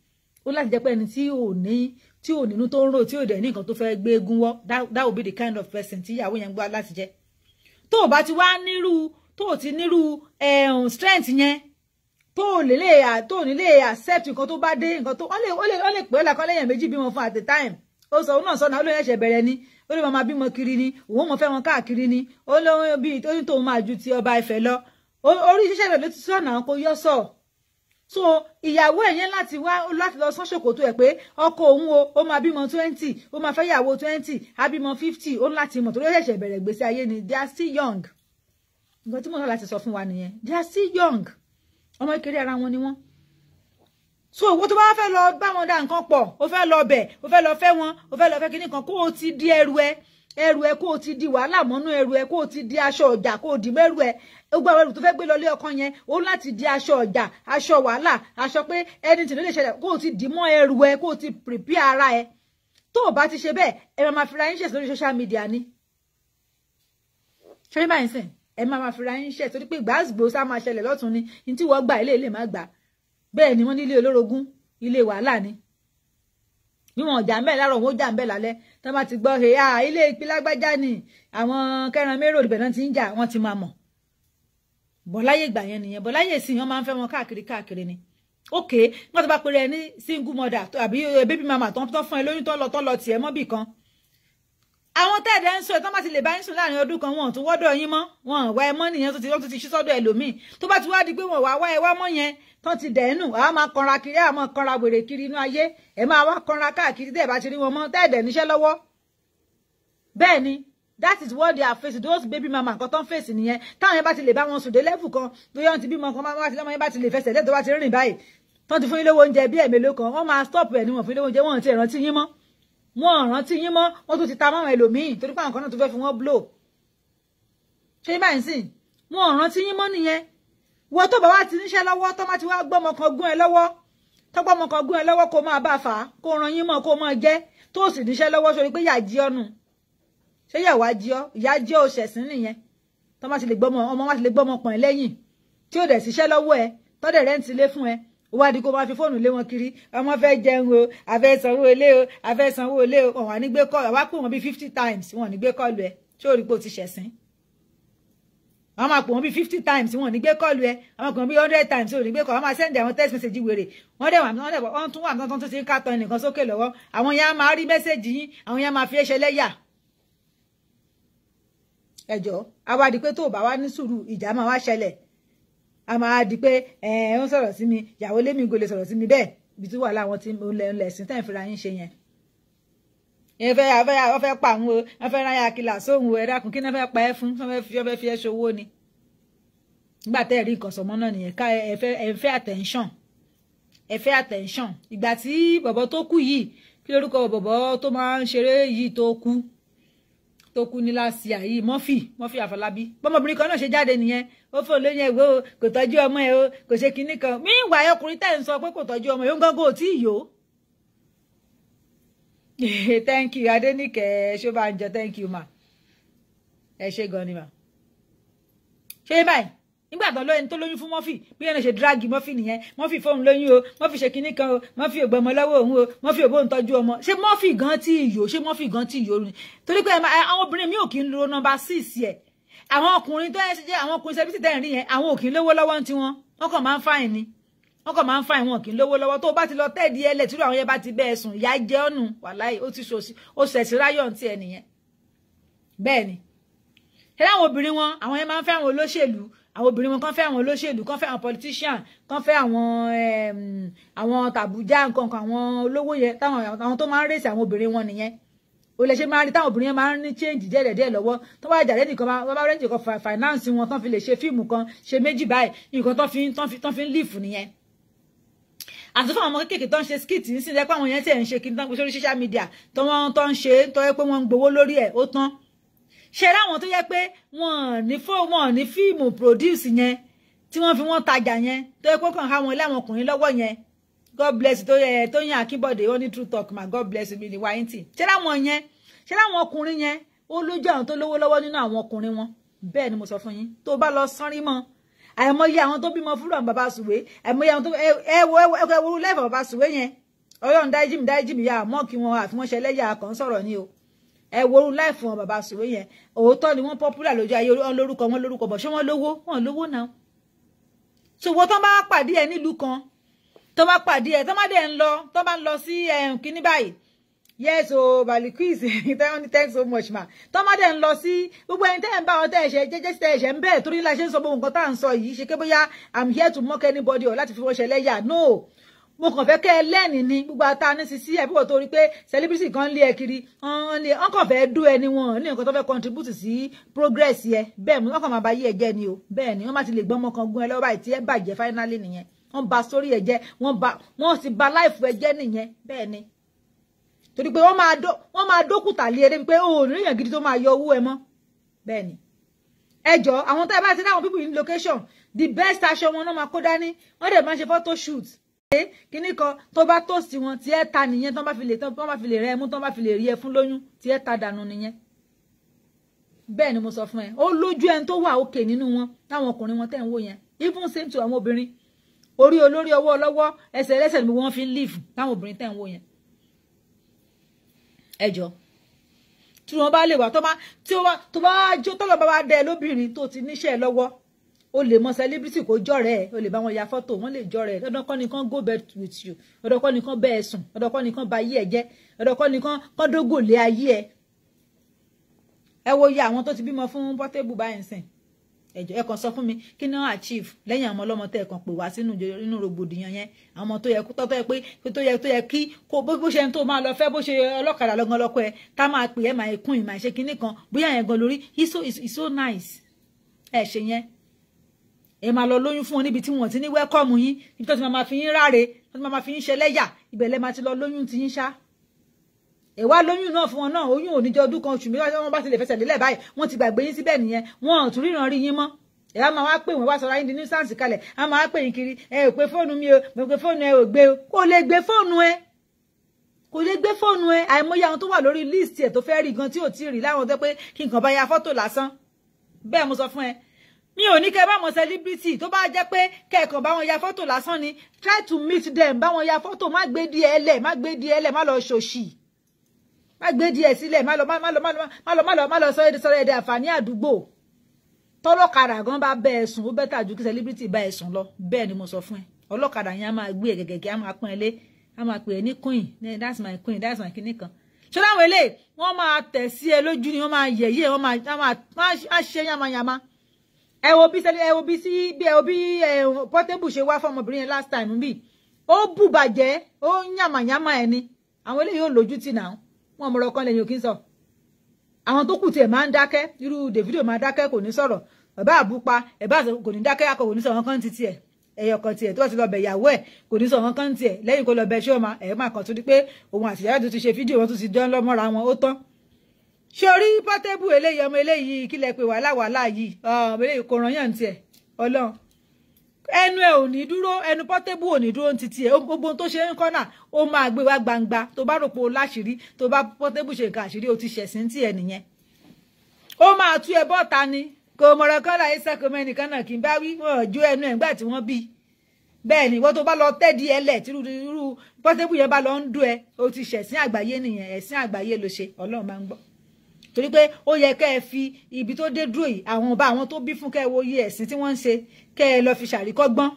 ó láti jẹ́ pé ẹni tí ò ní tí ò nínú tó ń rò tí ò dẹ̀ ní nǹkan tó fẹ́ gbé egun wọ́ that would be the kind of person tí ìyàwó yẹn gbá láti jẹ́ tó o bá ti wá nírú tó o ti nírú eh, strength yẹn tó ò lè lè tó ò ní lè accept nǹkan tó bá dé nǹkan tó wọ́n lè wọ́n lè pè é lákọ́ lẹ́yìn méjì bímọ fún at the time ó sọ òun náà sọ náà ó lóyún ẹ̀ṣẹ̀ bẹ̀rẹ̀ ni ó lè máa bímọ kiri ni òun mọ̀ fẹ́ wọn káàkiri ni ó lóyún bíi ó ní tóun máa ju ti ọba Ifẹ̀ lọ orí ṣíṣẹ́ rẹ̀ ló ti sọ̀nà kó yọ sọ̀ọ́ so ìyàwó ẹ̀yẹn láti wá láti lọ sán ṣòkòtò ẹ̀ pé ọkọ òun o ó máa bímọ twenty ó máa fẹ́ yàwó twenty á bímọ fifty ó láti mọ̀ torí ó ṣẹ̀ṣẹ̀ bẹ̀rẹ̀ gbèsè ayé ni they are still young nǹkan tí mo náà láti sọ fún wa nìyẹn they are still young ọmọ kékeré ara wọn ni wọ́n so owó tó bá fẹ́ lọ bá wọn dá nǹkan pọ̀ o fẹ́ lọ bẹ̀ o fẹ́ lọ fẹ́ wọn o fẹ́ lọ fẹ́ kinní kan kó o ti di ẹrù ẹ ẹrù ẹ kó o ti di wàhálà mọ́nú ẹrù ẹ kó o ti di aṣọ ọjà kó o dì mẹ́rù ẹ gbogbo àwọn ẹrù tó fẹ́ gbé lọ lé ọkọ yẹn o láti di aṣọ ọjà aṣọ wàhálà aṣọ pé ẹni tìǹbù lè ṣẹlẹ̀ kó o ti dì mọ́ ẹrù ẹ kó o ti pèpè ara ẹ tó o bá ti ṣe bẹ́ẹ̀ ẹ máa yín ṣèṣin lórí social media ni ṣé báyìí sìn ẹ máa máa fira yín ṣe torí pé gbàásìgbò sá máa ṣẹlẹ̀ lọ́tún ni ní tí wọ́n gbà ilé ilé má gbà bẹ́ẹ̀ ni wọ́n ní ilé olórogún ilé wàhálà ni níwọ̀n ọ̀jà ń bẹ̀ láàárọ̀ wọn ó jà ń bẹ̀ lálẹ́ tí wọ́n bá ti gbọ́ ẹ̀yà ah, ilé ìpilágbájá ni àwọn kẹran mérò ìbẹ̀ náà ti ń jà wọ́n ti máa mọ̀ bọ́láyé ìgbà yẹn nìyẹn bọ́láyé ìsìn yẹn máa ń fẹ́ wọn káàkiri káàkiri ni ok wọ́n ti bá pèrè ẹ ní single mother àbí baby mama tó ń fún ẹ lóyún tó ń lọ tó ń lọ tiẹ̀ mọ́bì kan àwọn tẹ́ẹ̀dẹ̀ ń sọ ìtàn bá ti lè bá yín sùn láàrin ọdún kan wọn tún wọ́dọ̀ yín mọ́ wọn wá ẹ mọ́ nìyẹn tó ti tó ti ṣí sọ́dọ̀ ẹlòmíì tó bá ti wá di pé wọn wá wá ẹ wá mọ́ yẹn tán ti dẹ̀ẹ́nù àá máa kanra kiri àá máa kanra wèrè kiri inú ayé ẹ máa wá kanra káàkiri tẹ́ẹ̀ bá ti rí wọn mọ́ tẹ́ẹ̀dẹ̀ níṣẹ́ lọ́wọ́ bẹ́ẹ̀ ni that is what they are facing those baby mama nǹkan tó ń fèsì nìyẹn táwọn yẹn bá ti lè bá wọn sùn dé lẹ́fù kan bóyá wọn ti bímọ kan máa ti lọ́mọ yẹn bá ti lè fẹsẹ̀ lẹ́tọ̀ọ́ bá ti rìn báyìí tán ti fún yín lówó oúnjẹ bí ẹ̀mélòó kan wọ́n máa stop ẹ̀ ni wọ́n fún yín lówó oúnjẹ wọ́n ti rántí yín mọ́ wọn ò rántí yín mọ́ wọ́n tún ti ta máwọn ẹlòmíín torí pé àwọn kan náà fẹ́ fi wọ́n blow ṣé báyìí sìn wọn ò rántí yín mọ́ nìyẹn wọ́n tó bá wá ti níṣẹ́ lọ́wọ́ tó má ti wá gbọ́mọ kan gún ẹ lọ́wọ́ tọ́gbọ́mọ kan gún ẹ lọ́wọ́ kó máa bá a fà á kó ran yín mọ́ kó máa jẹ́ tó sì níṣẹ́ lọ́wọ́ sórí pé yà jí ọ́ nù ṣé yà wá jí ọ́ ìyá jí ọ́ ṣẹ̀sìn nìyẹn tó má ti lè gbọ́mọ ọmọ má ti lè gbọ́mọ pọ̀n lẹ́yìn tí ò dẹ̀ síṣẹ́ lọ́wọ́ ẹ tọ́dẹ̀ rẹ́ǹtì lé fún ẹ ó wá di kó máa fi fóònù lé wọn kiri ọmọ fẹ́ jẹun o àfẹ́ ilé o àfẹ́ ilé o wọn ní gbé kọ́ọ̀lù wá pè wọ́n bíi fifty times wọn ní gbé kọ́ọ̀lù ẹ ṣé o rí pé o ti ṣẹ̀sìn wọ́n máa pè wọ́n bíi fifty times wọn ní gbé kọ́ọ̀lù ẹ wọ́n máa pè wọ́n bíi hundred times wọn ní gbé kọ́ọ̀lù wọ́n máa send àwọn text message wèrè wọ́n dẹ̀ wọ́n dẹ̀ wọ́n tún wà tán tó ti ń kàtọ́ nìkan sókè lọ́wọ́ àwọn yẹn á máa rí mẹ́sẹ̀gì yín àwọn yẹn á máa fi ẹsẹ̀ lẹ́yà ẹ̀jọ̀ a máa di pé ẹ sọ̀rọ̀ sí mi ìyàwó lémi gò sọ̀rọ̀ sí mi bẹ́ẹ̀ ibi tí wàhálà wọn ti ń lẹ̀ sí tẹ̀ ń fira yín ṣe yẹn ìyẹn afẹ́ afẹ́ pa àwọn wọn fẹ́ ráyà kìlà sóhun ẹ̀rọ akùn kí náà fẹ́ pa ẹ́ fún fẹ́ fi ẹ́ ṣòwò ni nígbà tẹ́ ẹ̀ rí nǹkan sọmọ náà nìyẹn ká ẹ fẹ́ attention ẹ fẹ́ attention ìgbà tí bọ̀bọ̀ tó kú yìí kí lórúkọ bọ̀bọ̀ tó máa ń ṣeré yìí tó kú tó kú ní láti àyè mọ́fì mọ́fì àfọlábí bọ́mọbìnrin kan náà ṣe jáde nìyẹn ó fò lóyún ẹ̀wọ́ kò tọ́jú ọmọ ẹ̀ o kò ṣe kinní kan míwà ọkùnrin tẹ̀ ń sọ pé kò tọ́jú ọmọ yóò ń gángan ò tí ì yó. thank you adénìkẹ́ ṣọ́bàǹjọ thank you ma ẹ ṣé gan ni ma ṣé báyìí nígbà tó lóyún tó lóyún fún mọ́fì bí ẹni ṣe dírágì mọ́fì nìyẹn mọ́fì fóun lóyún o mọ́fì ṣe kinní kan o mọ́fì ògbọ́n ọmọ lọ́wọ́ òun o mọ́fì òbó ń tọ́jú ọmọ ṣé mọ́fì gan tí ìyó ṣé mọ́fì gan tí ìyó ni torí pé àwọn obìnrin mi ò kí ń lo nọ́mbà six yẹ àwọn ọkùnrin tó ẹ ṣe àwọn ọkùnrin sẹ́bítì tẹ́ ń rí yẹn àwọn ò kí ń lówó lọ́wọ́ ń tiwọn wọ́n kàn máa ń fáìn ni wọ́n kàn máa ń fáìn wọn kì í lówó lọ́wọ́ tó o bá ti lọ tẹ́ẹ̀dì ẹlẹ̀ tí àwọn yẹn bá ti bẹ́ẹ̀ sùn ìyá jẹ́ ọ̀nù wàláì ó ti ṣòṣì ó ṣẹ̀ṣì ráyọ̀ ní tiẹ̀ nìyẹn bẹ́ẹ̀ ni ẹ láwọn obìnrin wọn àwọn yẹn máa ń fẹ́ àwọn olóṣèlú àwọn obìnrin wọn kàn fẹ́ àwọn olóṣèlú kàn fẹ́ àwọn politician kàn fẹ́ àwọn àwọn tàbújá nǹkan kan àwọn olówó yẹn táwọn àwọn tó máa ń rèsì àwọn obìnrin wọn nìyẹn o lè ṣe máa rí táwọn obìnrin yẹn máa ń ní change díẹ̀díẹ̀ lọ́wọ́ tó bá jà lẹ́nìkan bá bá rẹ́ǹtì kan finance wọn tán fi lè ṣe fíìmù kan ṣe méjì báyìí nǹkan tán fi tán fi tán fi ń leaf nìyẹn àti fún àwọn ọmọ kéékèèké tó ń ṣe skit nísìnyí pé àwọn yẹn tẹ̀ ń ṣe kí n tán pé sórí social media tó wọ́n tó ń ṣe tó yẹ pé wọ́n ń gbowó lórí ẹ̀ ó tán ṣe ráwọn tó yẹ pé wọn ní fó wọn ní fíìmù produce yẹn tí wọ́n fi wọ́n tajà yẹn tó yẹ pé kàn ká wọn láwọn ọkùnrin lọ́wọ́ yẹn god bless tó yẹ tó yàn akínbọ̀dé ó ní true talk ma god bless mi ní wáyéǹtì ṣe ráwọn yẹn ṣe ráwọn ọkùnrin yẹn ó lójú àwọn tó lówó lọ́wọ́ nínú àwọn ọkùnrin wọn bẹ́ẹ̀ ni mo sọ fún yín tó bá lọ sánrí mọ́ àìmọye àwọn tó bímọ fúlọ̀ bàbá sùwé àìmọye àwọn tó ẹ wo ẹ wo lẹ́fọ̀ bàbá sùwé yẹn ọlọ́run dáíjì mi dáíjì mi yà á mọ́ kí wọn àfi wọ́n ṣẹlẹ́yà kan sọ̀rọ̀ ni o ẹ wo orú láìfún wọn bàbá sòrò yẹn òótọ́ ni wọ́n popular lójú ayé wọn lórúkọ wọn lórúkọ bọ̀ ṣé wọ́n lówó wọn lówó náà ṣòwò tó bá pàdé ẹ nílùú kan tó bá pàdé ẹ tó bá dẹ̀ ń lọ tó bá ń lọ sí eh, kínní báyìí yes o Balquiz tẹ́wọ́n ní so much ma tó bá dẹ̀ ń lọ sí gbogbo ẹni tẹ́ ẹ̀ ń bá wọn tẹ́ ẹ̀ṣẹ̀ jẹ́jẹ́ sí tẹ́ ẹ̀ṣẹ̀ ń bẹ́ẹ̀ torí la ṣe ń sọ gbogbo nǹkan tá à ń sọ yìí ṣe pé bóyá i'm here to mock anybody or láti fi wọ́n ṣẹlẹ́yà no mo kàn fẹ́ kẹ́ ẹ lẹ́nìí ni gbogbo ata ní sisi ẹ̀ bíbọ̀ torí pé celebrity kan lé ẹ kiri wọ́n kàn fẹ́ dó ẹni wọn ní nǹkan tó fẹ́ contribute sí progress yẹ bẹ́ẹ̀ mo wọ́n kàn máa bá yí ẹ jẹ́ ni o bẹ́ẹ̀ ni wọ́n bá ti lè gbọ́n ọmọ kan gún ẹ lọ́wọ́ báyìí tí ẹ bàjẹ́ finally nìyẹn wọ́n ba story ẹ jẹ́ wọ́n sì ba life ẹ jẹ́ nìyẹn bẹ́ẹ̀ ni torí pé wọ́n máa dókùtà lé ẹni pé o níyàn gidi tó máa yọ owó ẹ mọ́ bẹ́ẹ̀ ni ẹjọ́ àwọn tá a bá ti dáwọn people in location the best aṣọ wọn náà máa kó dání wọ́n dẹ̀ máa ṣe photo shoot kíní kan tó bá tòsí wọn tí ẹ ta nìyẹn tó bá fi lè tó bá fi lè rẹ mú tó bá fi lè rí ẹ fún lóyún tí ẹ ta dànù nìyẹn bẹ́ẹ̀ ni mo sọ fún ẹ ó lójú ẹni tó wà òkè nínú wọn táwọn ọkùnrin wọn tẹ̀ ń wò yẹn even same to àwọn obìnrin orí Olori ọwọ́ ọlọ́wọ́ ẹsẹ̀ ẹlẹ́sẹ̀ ni wọ́n fi ń live táwọn obìnrin tẹ̀ ń wò yẹn ẹjọ́ tí wọ́n bá lè wà tó bá tó bá jó tọ́lọ́ bá wá dẹ lóbìnrin tó ti níṣẹ́ lọ́wọ́ o lè mọ celebrity kó jọ̀rẹ́ ẹ̀ o lè bá wọn ya fọ́tò wọn lè jọ̀rẹ́ ẹ̀ ọ̀dọ̀ kọ́ nìkan go bed with you ọ̀dọ̀ kọ́ nìkan bẹ́ ẹ sùn ọ̀dọ̀ kọ́ nìkan ba ayé ẹ jẹ́ ọ̀dọ̀ kọ́ nìkan kọ́dógò lé ayé ẹ. ẹ wo iye àwọn tó ti bímọ fún Portable báyìí sìn ẹjọ ẹ kàn sọ fún mi kí ni wọn achieve lẹ́yìn àwọn ọlọ́mọ tẹ ẹ kàn pè wá sínú inú rògbòdìyàn yẹn àwọn tó yẹ tó yẹ pé tó yẹ tó yẹ kí kó bó ṣe ń tó máa lọ fẹ́ bó ṣe ọlọ́kadà lọ́gán lọ́kọ ẹ ká máa pè ẹ máa kún ìmọ̀ ẹ̀ṣẹ́ kan bóyá yẹn gan lórí it's so it's so nice ẹ ṣe yẹn ẹ máa lọ lóyún fún wọn níbi tí wọn ti ní wẹ́kọ̀mù yín níbi tó ti máa fi yín ráre tó ti máa fi yín ṣẹlẹ́yà ibẹ̀ lẹ́ máa ti lọ lóyún ti yín ṣá ẹ wá lóyún náà fún wọn náà oyún òní jẹ ọdún kan oṣù méjì wọn bá ti lè fẹsẹ̀ lélẹ̀ báyìí wọn ti gbàgbé yín síbẹ̀ nìyẹn wọn ò tún ríran rí yín mọ́ ẹ á máa wá pè wọn wá sọra yín di nuisance kalẹ̀ á máa pè yín kiri ẹ ò pe fóònù mi o pe fóònù ẹ ò gbé o kò lè gbé fóònù ẹ kò lè gbé fóònù ẹ àìmọye àwọn tó wà lórí list ẹ tó fẹ́ rí gan tí ò tí ì rí láwọn tó pé kí nǹkan bá ya fọ́tò lásán bẹ́ẹ̀ mo sọ fún ẹ mi ò ní kẹ bá wọn celebrity tó bá jẹ́ pé kẹkàn bá wọn ya fọ́tò lásán ni try to meet them bá wọn ya fọ́tò má gbé díẹ̀ lẹ má gbé díẹ̀ lẹ má lọ ṣòṣì má gbé díẹ̀ sílẹ̀ má lọ má lọ má lọ má lọ má lọ má lọ sọ èdè sọ̀rọ̀ èdè àǹfààní àdúgbò tọlọ́kadà gan bá bẹ ẹsùn ó bẹta ju kí celebrity bá ẹsùn lọ bẹ́ẹ̀ ni mo sọ fún ẹ ọlọ́kadà yẹn á máa gbé ẹ á máa pọn ẹ lé á máa pè é ní queen that's my queen that's my kinní kan ṣé láwọn eléyìí wọn máa tẹ̀ sí ẹ lójú ni wọn máa yẹ̀yẹ́ wọn máa ṣe yamayama ẹ wo bí ẹ wo bí sí bí ẹ wo bí Portable ṣe wá fọmọbìnrin yẹn last time bí ó bùbàjẹ́ ó yàmàyàmà ẹni àwọn eléyìí ò lójú tì náà wọn mọ̀rọ̀ kan lẹ́yìn òkè ń sọ àwọn tó kù tiẹ̀ máa ń dákẹ́ irú Davido máa dákẹ́ kò ní sọ̀rọ̀ bàbá àbúpa ẹ̀bá kò ní dákẹ́ akọ kò ní sọ̀rọ̀ kan ti tiẹ̀ ẹ̀yọ̀ kan tiẹ̀ tó ti lọ bẹ̀ ìyàwó ẹ̀ kò ní sọ̀rọ̀ kan tiẹ̀ lẹ́yìn kó lọ bẹ̀ ṣé ọmọ ẹ̀ máa kàn tún ní pé òun àtìyá tó ti ṣe fídíò wọn tó ti dán lọ́mọ́ra wọn ó tán ṣorí pọ́tẹ́bù eléyìí ọmọ eléyìí kílẹ̀ pé wàhálà wàhálà yìí ọmọ eléyìí kò ràn yàn tiẹ̀ ọlọ́run ẹnu ẹ ò ní dúró ẹnu pọ́tẹ́bù ò ní dúró ní titi ẹ gbogbo tó ṣe ń kọ́nà ó máa gbé wá gbangba tó bá ròpò láṣìírí tó bá pọ́tẹ́bù ṣe nǹkan àṣírí ó ti ṣẹ̀sìn tiẹ̀ nìyẹn ó máa tú ẹ bọ́ta ni kò mọ̀rọ̀ kan láyé sẹ́kọ̀ọ́ mẹ́nìkan náà kì í bá wí wọn ò ẹnu ẹ̀ ńgbà tí wọ́n bí bẹ́ẹ̀ ni wọ́n tó bá lọ tẹ́ẹ̀dì ẹlẹ̀ tí irú pọ́tẹ́bù yẹn bá lọ ń dún ẹ o ti ṣẹ̀sìn àgbáyé nìyẹn ẹ̀sìn àgbáyé ló ṣe ọlọ́run máa ń gbọ́ torí pé ó yẹ kẹ́ ẹ fi ibi tó dé dúró yìí àwọn ọba àwọn tó bí fún kẹ́ ẹ wo iye ẹ̀sìn tí wọ́n ń ṣe kẹ́ ẹ lọ fi ṣàríkọ́gbọ́n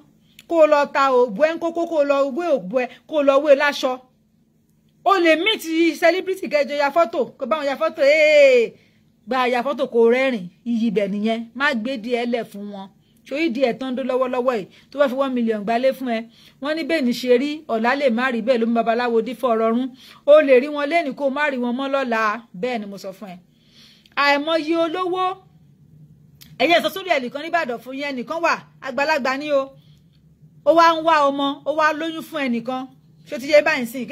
kó lọ ta òbú ẹ ń kókó kó lọ wé òbú ẹ kó lọ wé láṣọ o lè meet celebrity kẹjọ ya fọ́tò kó báwọn ya fọ́tò ee gba ya fọ́tò kó rẹ́rìn iyì ibẹ̀ nìyẹn má gbé díẹ̀ lẹ̀ fún wọn ṣòyí di ẹ̀tàn dó lọ́wọ́lọ́wọ́ yìí tó bá fi one million gbalé fún ẹ wọ́n ní bẹ́ẹ̀ ní ṣe rí ọ̀la lè má rí bẹ́ẹ̀ ló mú babaláwo dífọ̀ rọrùn o lè rí wọn lẹ́nu kó má rí wọn mọ́ lọ́la bẹ́ẹ̀ ni mo sọ fún ẹ. àìmọye olówó ẹ̀yẹ sọ sórí ẹnìkan nìbàdàn fún yẹn ẹnìkan wà àgbàlagbà ni o ó wá ń wá ọmọ ó wá lóyún fún ẹnìkan ṣó ti yẹ báyìí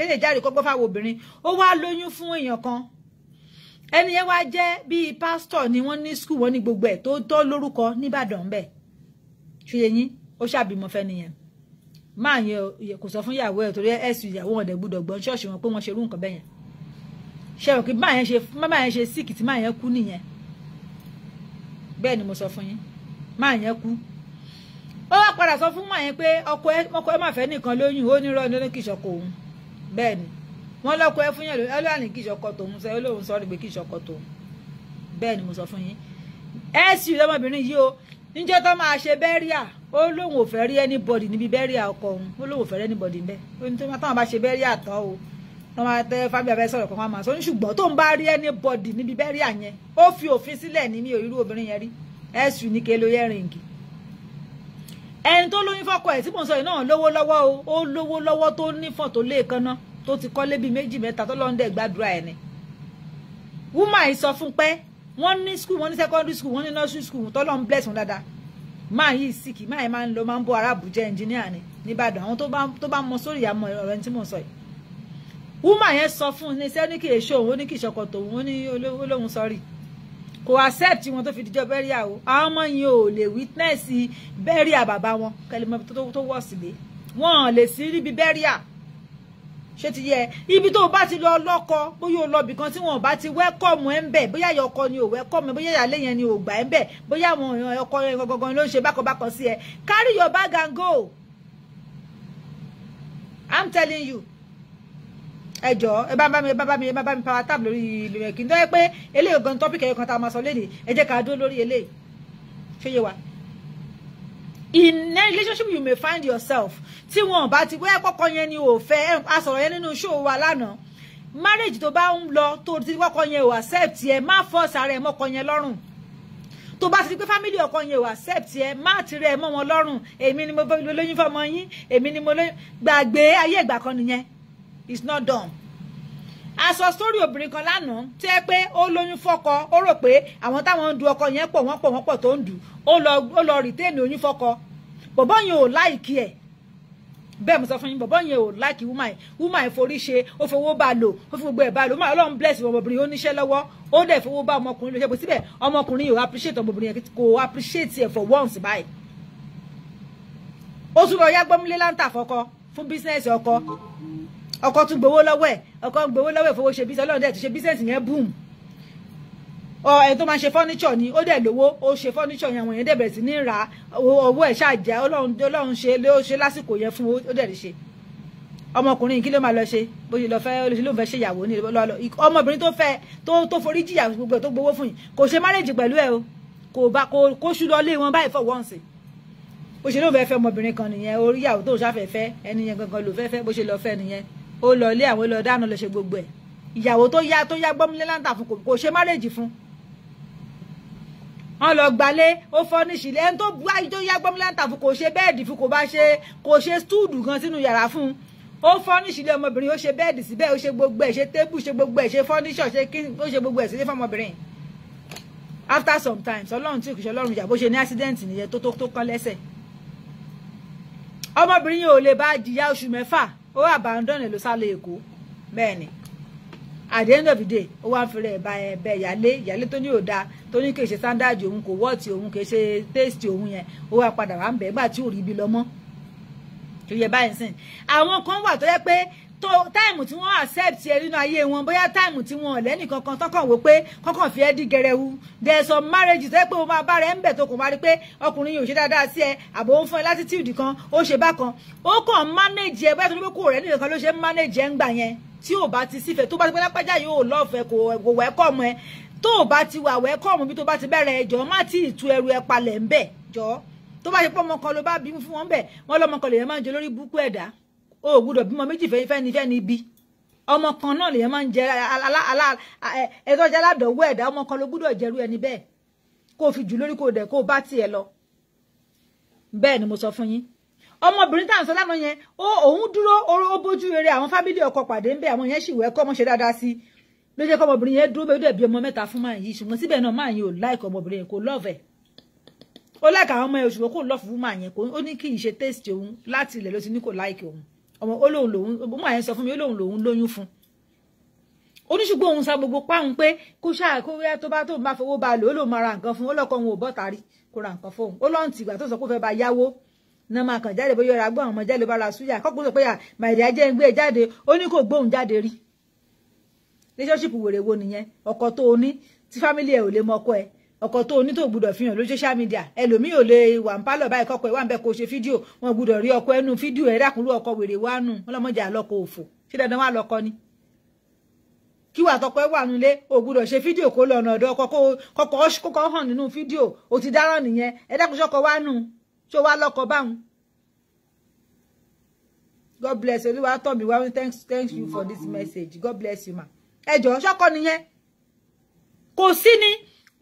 ẹni yẹn wá jẹ́ bíi pásítọ̀ ni wọ́n ní skul wọn ní gbogbo ẹ̀ tó tọ́ lórúkọ nìbàdàn bẹ́ẹ̀ ṣe yín ó ṣàbímọ fẹ́ nìyẹn máa yẹn kò sọ fún ìyàwó ẹ̀ torí ẹ̀sùn ìyàwó wọn dẹ̀ gbúdọ̀ gbọ́n ṣọ́ọ̀ṣì wọn pé wọ́n ṣe irú nǹkan bẹ́yẹn ṣe rò pé máa yẹn ṣe máa yẹn ṣe síìkì tí máa yẹn kú nìyẹn bẹ́ẹ̀ ni mo sọ fún yín máa yẹn kú ó wá padà sọ fún máa yẹn pé ọkọ ẹ ọkọ ẹ máa fẹ́ nìkan lóyún ó ní rọ ní kí ìṣọkọ òun bẹ́ẹ̀ ni wọ́n lọ́kọ ẹ fún yẹn lóyún ọlọ́ọ̀ni kí ìṣọkọ tòun sọ olóhùn sọ́ọ́rì sọ fún níjọ́ tó máa ṣe bẹ́ríà ó lóun ò fẹ́ rí anybody níbi bẹ́ríà ọkọ òun ó lóun ò fẹ́ rí anybody níbẹ̀ ó ní táwọn bá ṣe bẹ́ríà tán o wọ́n máa tẹ fábíà fẹ́ sọ̀rọ̀ kankan máa sọ ní ṣùgbọ́n tó ń bá rí anybody níbi bẹ́ríà yẹn ó fi òfin sílẹ̀ ní mi ò irú obìnrin yẹn rí ẹ̀sùn ní kelo yẹ́rìngì ẹni tó lóyún fọ́kọ ẹ̀ tí mò ń sọ yìí náà lówó lọ́wọ́ o ó lówó lọ́wọ́ tó nífọ̀n tó lé kaná tó ti kọ́lé bíi méjì mẹ́ta tó lọ́ndẹ̀ gbàdúrà ẹ̀ ni wúmà yìí sọ fún pé wọ́n ní school wọ́n ní secondary school wọ́n ní nursery school tọ́lọ́ ń bless wọn dáadáa máa yìí sìkì máa yẹn máa ń lọ máa ń bọ arábùjẹ engineer, ni nìbàdàn àwọn tó bá mọ sórí àmọ ọ̀rọ̀ ẹni tí mò ń sọ yìí wúmà yẹn sọ fún un ní sẹ́ ní kì í ṣe òun ó ní kì í ṣọkọ tòun ó ní olóhùn sọ́rí kò accept wọn tó fi dijọ́ bẹ́ríà o àwọn ọmọ yìí ò lè witness bẹ́ríà bàbá wọn kẹlẹ́mọ́ tó wọ̀ sílé wọn ò lè sí níbi bẹ́ríà ṣé ti yẹ ibi tó o bá ti lọ lọ́kọ bóyá o lọ bìkan tí wọn bá ti wẹ́kọ̀mù ẹ̀ ń bẹ̀ bóyá ìyá ọkọ ni ò wẹ́kọ̀mù bóyá ìyàlẹ́ yẹn ni ò gbà ẹ̀ ń bẹ̀ bóyá àwọn èèyàn ọkọ yẹn gangan ló ń ṣe bákanbákan sí ẹ carry your bag and go i'm telling you ẹ jọ̀ọ́ ẹ bá bá mi ẹ bá bá mi ẹ bá bá mi power tap lórí ìlú ẹ̀kí nítorí pé eléyìí gan topic ẹ̀yọ̀kan tá a máa sọ lénìí ẹ jẹ́ ká dúró lórí eléyìí ṣé wa in any relationship you may find yourself tí wọn bá ti wẹ́ kọ́kọ́ yẹn ni ò fẹ́ a sọ̀rọ̀ yẹn nínú show wa lánàá marriage tó bá ń lọ tó ti kọ́kọ́ yẹn ò accept yẹ má force are mo mọ́kọ yẹn lọ́rùn tó bá ti di pé family ọkọ yẹn ò accept yẹ má tirẹ̀ ẹ̀ mọ́ wọn lọ́rùn èmi ni mo lóyún fọmọ yín èmi ni mo lóyún gbàgbé ayé ìgbà kan nìyẹn it's not done a sọ sórí obìnrin kan lánàá tí ẹ pé ó lóyún fọkọ ó rò pé àwọn táwọn ń du ọkọ yẹn pọ̀ wọ́n pọ̀ wọ́n pọ̀ tó ń dù ó lọ rìtẹ́ẹ̀nì oyún fọkọ bọ̀bọ́ yẹn ò láìkí ẹ̀ bẹ́ẹ̀ mo sọ fún yín bọ̀bọ́ yẹn ò láìkí wúmà ẹ̀ wúmà ẹ̀ forí ṣe ó fowó bá a lò ó fi gbogbo ẹ̀ bá a lò wúmà ọlọ́run bless ọmọbìnrin ó níṣẹ́ lọ́wọ́ ó dẹ̀ fowó bá ọmọkùnrin lò ṣe pé síbẹ̀ ọmọkùnrin yóò appreciate ọmọbìnrin yẹn kò appreciate ẹ̀ for once báyìí ó tún lọ yá gbọ́múlé láǹtà fọkọ fún bísíǹsì ọkọ ọkọ tún gbowó lọ́wọ́ ẹ̀ ọkọ ń gbowó lọ́wọ́ ẹ̀ fowó ṣe bísẹ̀ ọlọ́run dẹ̀ ti ṣe bísẹ̀sì yẹn boom ọ ẹni tó máa ṣe fọ́níṣọ̀ ni ó dẹ̀ lówó ó ṣe fọ́níṣọ̀ yẹn wọ̀nyẹn dẹ̀ bẹ̀rẹ̀ sí ní ra owó ẹ̀ ṣáàjá ọlọ́run ṣe ló ṣe lásìkò yẹn fún ó dẹ̀ rí ṣe ọmọkùnrin kí ló máa lọ ṣe bó ṣe lọ fẹ́ olóṣèlú ló ń fẹ́ ṣe ìyàwó ní lọlọ ọmọbìnrin tó fẹ́ tó tó forí jìyà gbogbo tó gbowó fún yìí kò ṣe márèjì pẹ̀lú ẹ o kò bá kò kó ṣú lọ lé wọn báyìí fọ wọ́ǹsì bó ṣe ló ń fẹ́ fẹ́ ọmọbìnrin kan nìyẹn orí ìyàwó tó ń ṣàfẹ́fẹ́ ẹni yẹn gangan ló fẹ́ fẹ́ bó ṣe lọ fẹ́ nìyẹn ó lọ ilé àwọn lọ dáná lọ ṣe gbogbo ẹ̀ ìyàwó tó yá tó yá gbọ́múlé láǹtà fún kò ṣe márèjì fún wọn lọ gbalé ó fọ́ níṣìlẹ̀ ẹni tó bu ayé tó yá gbọ́múlé láǹtà fún kò ṣe bẹ́ẹ̀dì fún kò bá ṣe kò ṣe stúùdù gan sínú yàrá fún un ó fọ́níṣìlẹ̀ ọmọbìnrin ó ṣe bẹ́ẹ̀dì síbẹ̀ ó ṣe gbogbo ẹ̀ ṣe tébù ṣe gbogbo ẹ̀ ṣe fọ́níṣọ̀ ṣe kí ó ṣe gbogbo ẹ̀ after some time ọlọ́run tí òkìṣẹ́ ọlọ́run ìjà bó ṣe ní accident nìyẹn tó tó tó kán lẹ́sẹ̀ ọmọbìnrin yìí ò lè bá jìyà oṣù mẹ́fà ó abandon ló sá lọ èkó bẹ́ẹ̀ ni at the end of the day ó wá ń fi rẹ̀ bá ẹ eh, bẹ́ẹ̀ yálé yálé tó ní ò dáa tó ní kì í ṣe standard òun kò wọ́ọ̀tì òun kì í ṣe taste òun yẹn ó wá padà wá ń bẹ̀ ẹ́ gbà tí ò rí ibi lọ mọ́ tó yẹ báyìí sìn àwọn kan wà tó yẹ pé To time tí wọ́n accept ẹ nínú ayé wọn bóyá táìmù tí wọ́n lẹ́nì kankan tọkàn wò pé kọ́kàn fi ẹ́ dí gẹrẹwu there some marriages tó yẹ pé o máa bá rẹ ń bẹ̀ tó kò máa rí pé ọkùnrin yóò ṣe dáadáa sí ẹ àbò ó ń fún ẹ latitude kan ó ṣe bákan ó kàn manage ẹ bóyá tó ní pé kò rẹ nìkan ló ṣe ń manage ẹ ń gbà yẹn tí ò bá ti sífẹ̀ẹ́ tó bá ti pẹ́ lápájá yóò lọ́ọ̀fẹ́ kò wẹ́kọ̀ọ̀mù ẹ tó o bá ti wà wẹ́kọ̀ọ̀mù bí tó bá ti bẹ̀rẹ̀ ẹjọ́ má tí ì tu ẹrù ẹ palẹ̀ ń bẹ̀ jọ́ tó bá ṣe pọ́ ọmọ kan ló bá bímú fún wọn bẹ̀ wọ́n lọ́mọ kan lèèyàn máa ń jẹ lórí búkú ẹ̀dá o ò gbúdọ̀ bímọ méjì fẹ́ni fẹ́ni bí ọmọ kan náà lèyàn máa ń jẹ ẹ̀tọ́ jẹ́ aládọ̀wọ́ ẹ̀dá ọmọ kan ló gbúdọ̀ jẹrú ẹni bẹ́ẹ̀ kó o fi jù lórí kó o dẹ̀ kó o bá tiẹ̀ lọ bẹ́ẹ̀ ni mo sọ fún yín ọmọbìnrin tá à ń sọ lánàá yẹn ó òun dúró ó bójú rere àwọn fábílì ọkọ pàdé ń bẹ àwọn yẹn sì wẹ kọ́ ọmọ ṣe dáadáa sí i ló jẹ́ kọ́mọbìnrin yẹn dúró bẹ́ẹ̀ bí ọmọ mẹ́ta fún máa yìí ṣùgbọ́n síbẹ̀ náà máa yìí ò láìkọ́ ọmọbìnrin yẹn kò lọ́ọ̀fẹ́ ó láìka àwọn ọmọ yẹn ṣùgbọ́n kò lọ́ọ̀fù máa yẹn kò ó ní kí n ṣe tẹ́sítì òun láti ilẹ̀ ló ti ní kò láìkì òun ọmọ ó lóun lòun ọmọ àyẹn sọ fún mi ó lóun lòun lóyún fún oníṣùgbọ́n òun sa gbogbo páhùn pé kó ṣáà kó wíyá tó bá tó bá fowó ba lò ó lòun máa ra nǹkan fún ó lọ́kọ̀ òun ò bọ́ tàrí kó ra nǹkan fóun ó lọ́n tìgbà tó sọ pé ó fẹ́ ba yáwó náà máa kàn jáde bóyá ọ̀rọ̀ àgbọ̀n ọmọ jáde bá ra súyà kọ́kùn sọ pé màìdí ajé ń gbé e jáde ó ní kò gbóhùn jáde rí relationship wèrè wo nìyẹn ọkọ tó o ní tí fámílì ẹ ò lè mọ ọkọ ẹ ọkọ̀ tó ní tó gbúdọ̀ fi hàn lórí social ẹlòmíì ò lè wà ń pálọ̀ báyìí kọ́kọ́ ẹ̀ wà ń bẹ́ kó ṣe fídíò wọn gbúdọ̀ rí ọkọ̀ ẹnu fídíò ẹ̀ dákúnrú ọkọ̀ wèrè wá nù wọn lọ́mọdé àlọ́kọ̀ òfò ṣé dandan wà lọ́kọ ni. kí wàá tọkọ ẹ wà nílé ò gbúdọ̀ ṣe fídíò kó lọ ọ̀nà ọ̀dọ̀ kọ́kọ́ hàn nínú fídíò ò ti dáràn nìyẹn ẹ God bless you. Thanks, for this message. God bless you, ma. Kò sí ni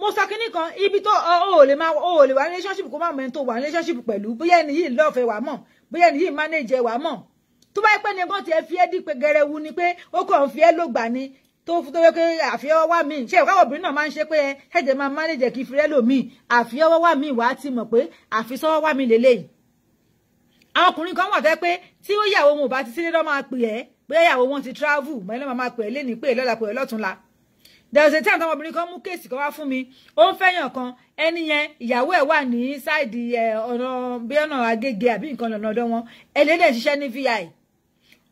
mo sọ kínní kan ibi tó o lè máa o lè wà ní relationship kó má mọ ẹni tó wà ní relationship pẹ̀lú bóyá ẹni yìí lọ́ọ̀fẹ́ wà mọ̀ bóyá ẹni yìí manage ẹ wà mọ̀ tó bá yẹ pé ní nǹkan tiẹ̀ fi ẹ́ dípe gẹrẹwu ni pé ó kàn fi ẹ́ lògbà ni tó tó yẹ pé àfihàn wà mí ṣé ìwà obìnrin náà máa ń ṣe pé ẹ̀jẹ̀ máa manage kí fi rẹ́ lòmí àfihàn wà mí wà á ti mọ̀ pé àfisọ́wọ́ wà mí lélẹ́yìí àwọn ọkùnrin kan wà fẹ́ pé tí ó yàwó wọn ò bá ti sílé lọ́ máa pè ẹ́ bóyá ìyàwó wọn ti travel mọ́ ẹ lọ́ máa pè ẹ́ lé ní pè lọ́la pè é lọ́túnla There's a time táwọn obìnrin kan mú kéèsì kan wá fún mi ó ń fẹ́yàn kan ẹni yẹn ìyàwó ẹ̀ wà ní sáìdì ọ̀nà bí ọ̀nà agége àbí nǹkan lọ́nà ọ̀dọ̀ wọn ẹlẹ́dẹ̀ ṣiṣẹ́ ní vi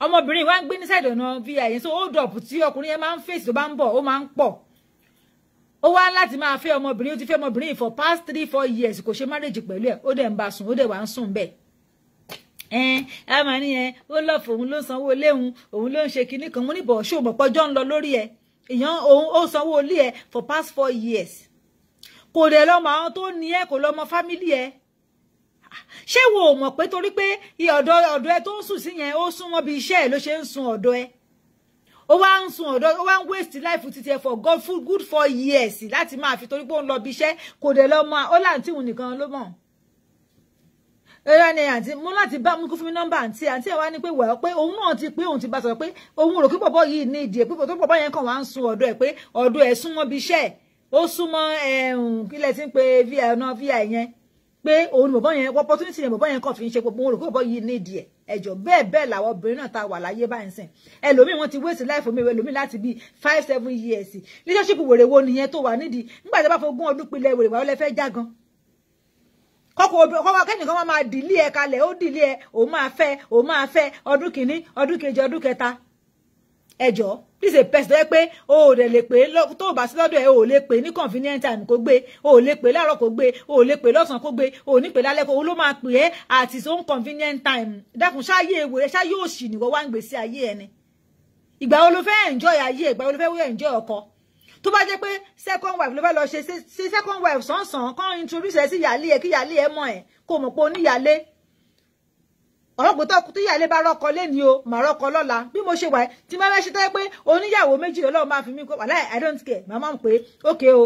ọmọbìnrin wa ń gbé ní sáìdì ọ̀nà vi so hold up tí ọkùnrin yẹn máa ń fèsì tó bá ń bọ̀ ó máa ń pọ̀ ó wá láti máa fẹ́ ọmọbìnrin ó ti fẹ́ ọmọbìnrin for past three four years kò ṣe marriage pẹ̀lú ẹ̀ ó dẹ̀ ń bá sùn ó dẹ̀ wá ń sùn bẹ́ẹ̀ ẹn ẹ máa ní yẹn ó lọ́ọ̀fù òun ló sanwó léhun òun ló ń ṣe kinní kan mo níbọ̀ ṣó mọ̀pọ̀ jọ ń lọ lórí ẹ̀ èèyàn òun ó sanwó ilé ẹ for past four years kò dẹ̀ lọ́mọ àwọn tó ní ẹ kò lọ́mọ fámílì ẹ ṣé wo ò mọ̀ pé torí pé ọ̀dọ̀ ọ̀dọ̀ ẹ tó ń sùn sí yẹn ó sún mọ́ bí iṣẹ́ ẹ ló ṣe ń sun ọ̀dọ̀ ẹ ó wá ń sun ọ̀dọ̀ ó wá ń waste life títí ẹ for God for four years láti máa fi torí pé ó ń lọ bí iṣẹ́ kò dẹ̀ lọ́mọ ó láǹtí òun nìkan ló mọ̀ ẹ̀rọ ni àǹtí mo láti bá mú kó fún mi nọ́mbà àǹtí àǹtí ẹ̀ wá ní pé wẹ̀ ọ́ pé òun náà ti pé òun ti bá sọ pé òun rò kí bọ̀bọ̀ yìí ní ìdí èpò tó bọ̀bọ̀ yẹn kàn wá ń sun ọ̀dọ̀ ẹ̀ pé ọ̀dọ̀ ẹ̀ súnmọ́ bí iṣẹ́ ẹ̀ ó súnmọ́ ẹ̀hún kílẹ̀ tí ń pe vi ọ̀nà vi yẹn pé òun bọ̀bọ̀ yẹn opportunity yẹn bọ̀bọ̀ yẹn kàn fi ń ṣe pé òun rò kí bọ̀bọ̀ yìí ní ìdí ẹ̀ ẹjọ bẹ́ẹ̀ bẹ́ẹ̀ làwọn obìnrin náà ta wà láyé báyìí sìn ẹlòmíì wọn ti wéèsì láìfò mi ẹlòmíì láti bíi five seven years leadership wèrè wo nìyẹn tó wà nídìí nígbà tí a bá fọ ogún ọdún pilẹ̀ wèrè wà ó lẹ fẹ́ já kọ́kọ́ kẹ́nìkan máa máa dìlí ẹ kalẹ̀ ó dìlí ẹ òun máa fẹ́ òun máa fẹ́ ọdún kìíní ọdún kejì ọdún kẹta ẹjọ́ this is a person tó pé o ò rẹ̀ lè pé tó o bá sí lọ́dọ̀ ẹ o ò lè pè ní convenient time kó gbé o ò lè pè láàárọ̀ kó gbé o ò lè pè lọ́sàn-án kó gbé o ò ní pè lálẹ́ kó o ló máa pè ẹ́ at his own convenient time dákun ṣáàyè ewé ṣáàyè òṣì nìwọ wá ń gbèsè ayé ẹni ìgbà wo ló fẹ́ enjoy ayé ìgbà wo ló fẹ́ enjoy ọkọ tó bá jẹ́ pé second wife ló fẹ́ lọ ṣe ṣe second wife sànsàn kàn introduce ẹ sí ìyálé ẹ kí ìyálé ẹ mọ̀ ẹ kó mọ̀ pé oníyálé ọ̀rọ̀pọ̀ tó tí ìyálé bá rọ́kọ lẹ́ni o màá rọ́kọ lọ́la bí mo ṣe wà tí máa fẹ́ ṣe tẹ́ pé oníyàwó méjì ọlọ́run máa fi mí kọ́ wàhálà i don't care màá mọ̀ pé ok o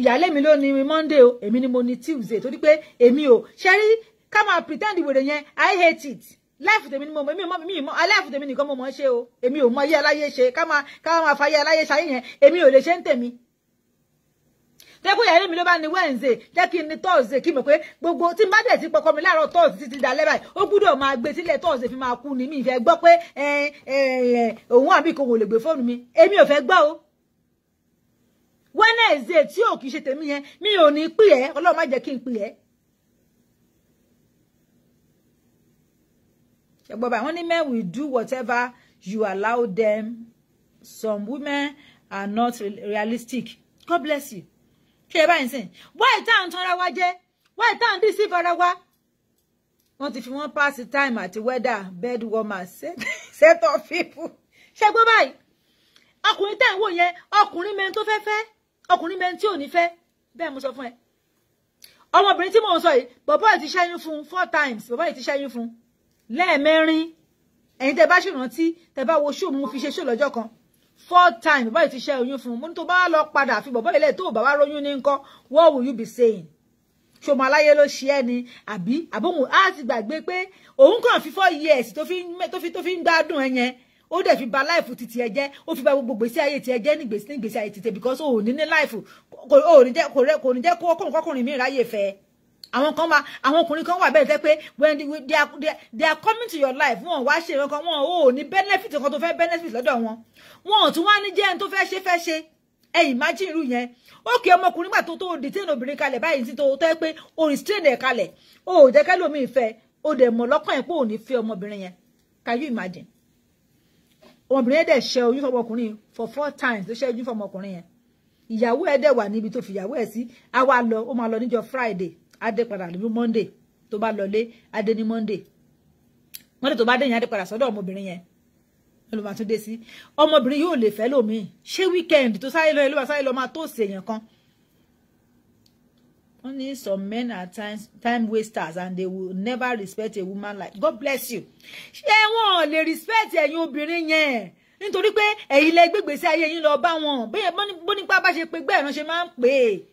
ìyálé mi ló ní monday o èmi ni mo ní tuesday torí pé èmi o ṣe rí ká máa pretend wèrè yẹn i hate it láìfù tèmi ni mo mọ èmi mọ mi mọ aláìfù tèmi nìkan mo mọ ṣe o èmi ò mọ ayé aláyé ṣe ká máa ká máa fa ayé aláyé ṣayé yẹn èmi ò lè ṣe ń tèmi tẹ́kùn yẹn mi ló bá ní wẹ́ǹsì jẹ́ kí n ní tọ́ọ̀sì kí n mọ̀ pé gbogbo tí n bá dẹ̀ ti pọkọ mi láàárọ̀ tọ́ọ̀sì títí dalẹ́ báyìí ó gbúdọ̀ máa gbé sílẹ̀ tọ́ọ̀sì fi máa kú ni mi ìfẹ́ gbọ́ pé òun àbí kò wọ́n lè gbé fóònù mi èmi ò fẹ́ gbọ́ o wẹ́nẹ̀sì tí ò kì í ṣe tèmi yẹn mi ò ní pè ọlọ́run má jẹ́ kí n pè ṣẹgbọ́n báyìí men will do whatever you allow them some women are not realistic God bless you ṣe é báyìí sìn wáyé tá à ń tanra wa jẹ wáyé tá à ń dísí the wa wọ́n ti weather bed warmer set, set of people ṣẹgbọ́n báyìí ọkùnrin tẹ̀ ń wò yẹn ọkùnrin mẹ́rin tó fẹ́ fẹ́ ọkùnrin mẹ́rin tí ò ní fẹ́ bẹ́ẹ̀ mo sọ fún ẹ ọmọbìnrin tí mò ń sọ yìí bọ̀bọ́ ẹ̀ ti ṣẹ́yún fún four times bọ̀bọ́ ẹ̀ ti ṣẹ́yún fún lẹ́ẹ̀mẹ́rin ẹ̀yin tẹ́ bá ṣèrántí tẹ́ bá wo ṣóò mo fi ṣe ṣóò lọ́jọ́ kan four times bàbá yìí ti ṣe oyún fún un mo ní tó bá lọ padà fi bàbá ilẹ̀ tó bàbá róyún ní nǹkan what will you be saying ṣọmọ aláyé ló ṣe ẹ ni àbí àbóhùn á ti gbàgbé pé òun kàn fi four years tó fi tó fi ń gbádùn ẹ yẹn ó dẹ̀ fi bà láìfù títí ẹ jẹ́ ó fi bà gbogbo gbèsè ayé tí ẹ jẹ́ nígbèsè ayé títẹ because òun ní ní láìfù kò ní jẹ́ kó kọkùnrin mi ráyè fẹ́ àwọn kan wà àwọn ọkùnrin kan wà bẹ́ẹ̀ tẹ́ pé when they are, they, are, they are coming to your life wọn wá ṣe ìwé kan wọn ò ní benefit kan tó fẹ́ benefit lọ́dọ̀ wọn wọn ò tún wá ní jẹ́ ẹni tó fẹ́ ṣe fẹ́ ṣe ẹ imagine irú yẹn ókè ọmọkùnrin gbà tó tó detain obìnrin kalẹ̀ báyìí sí tó tẹ́ pé o restrain ẹ̀ kalẹ̀ o ò jẹ́ kẹ́lómi ìfẹ́ o dẹ̀ mọ̀ lọ́kàn ẹ̀ pé ò ní fẹ́ ọmọbìnrin yẹn can you imagine ọmọbìnrin yẹn dẹ̀ ṣe oyún fọmọkùnrin for four times ló ṣe oyún fọmọkùnrin yẹn ìyàwó ẹ̀ dẹ̀ wà níbi tó fi ìyàwó ẹ̀ sí àwa lọ ó máa lọ níjọ́ Friday adé padà ní monday tó bá lọlé adé ní monday monday tó bá dé yẹn adé padà sọ́dọ̀ ọmọbìnrin yẹn ló sí ọmọbìnrin yóò lè fẹ́ lómi ṣé weekend tó sáré lọ yẹn ló lọ máa tó sí èèyàn kan only some men are time, time wasters and they will never respect a woman like God bless you ṣé wọn lè respect ẹ̀yin obìnrin yẹn nítorí pé ẹ̀yin lẹ gbégbèsè ayé yín lọ bá wọn bónípa bá ṣe pé gbẹ́ẹ̀rán ṣe máa ń pè é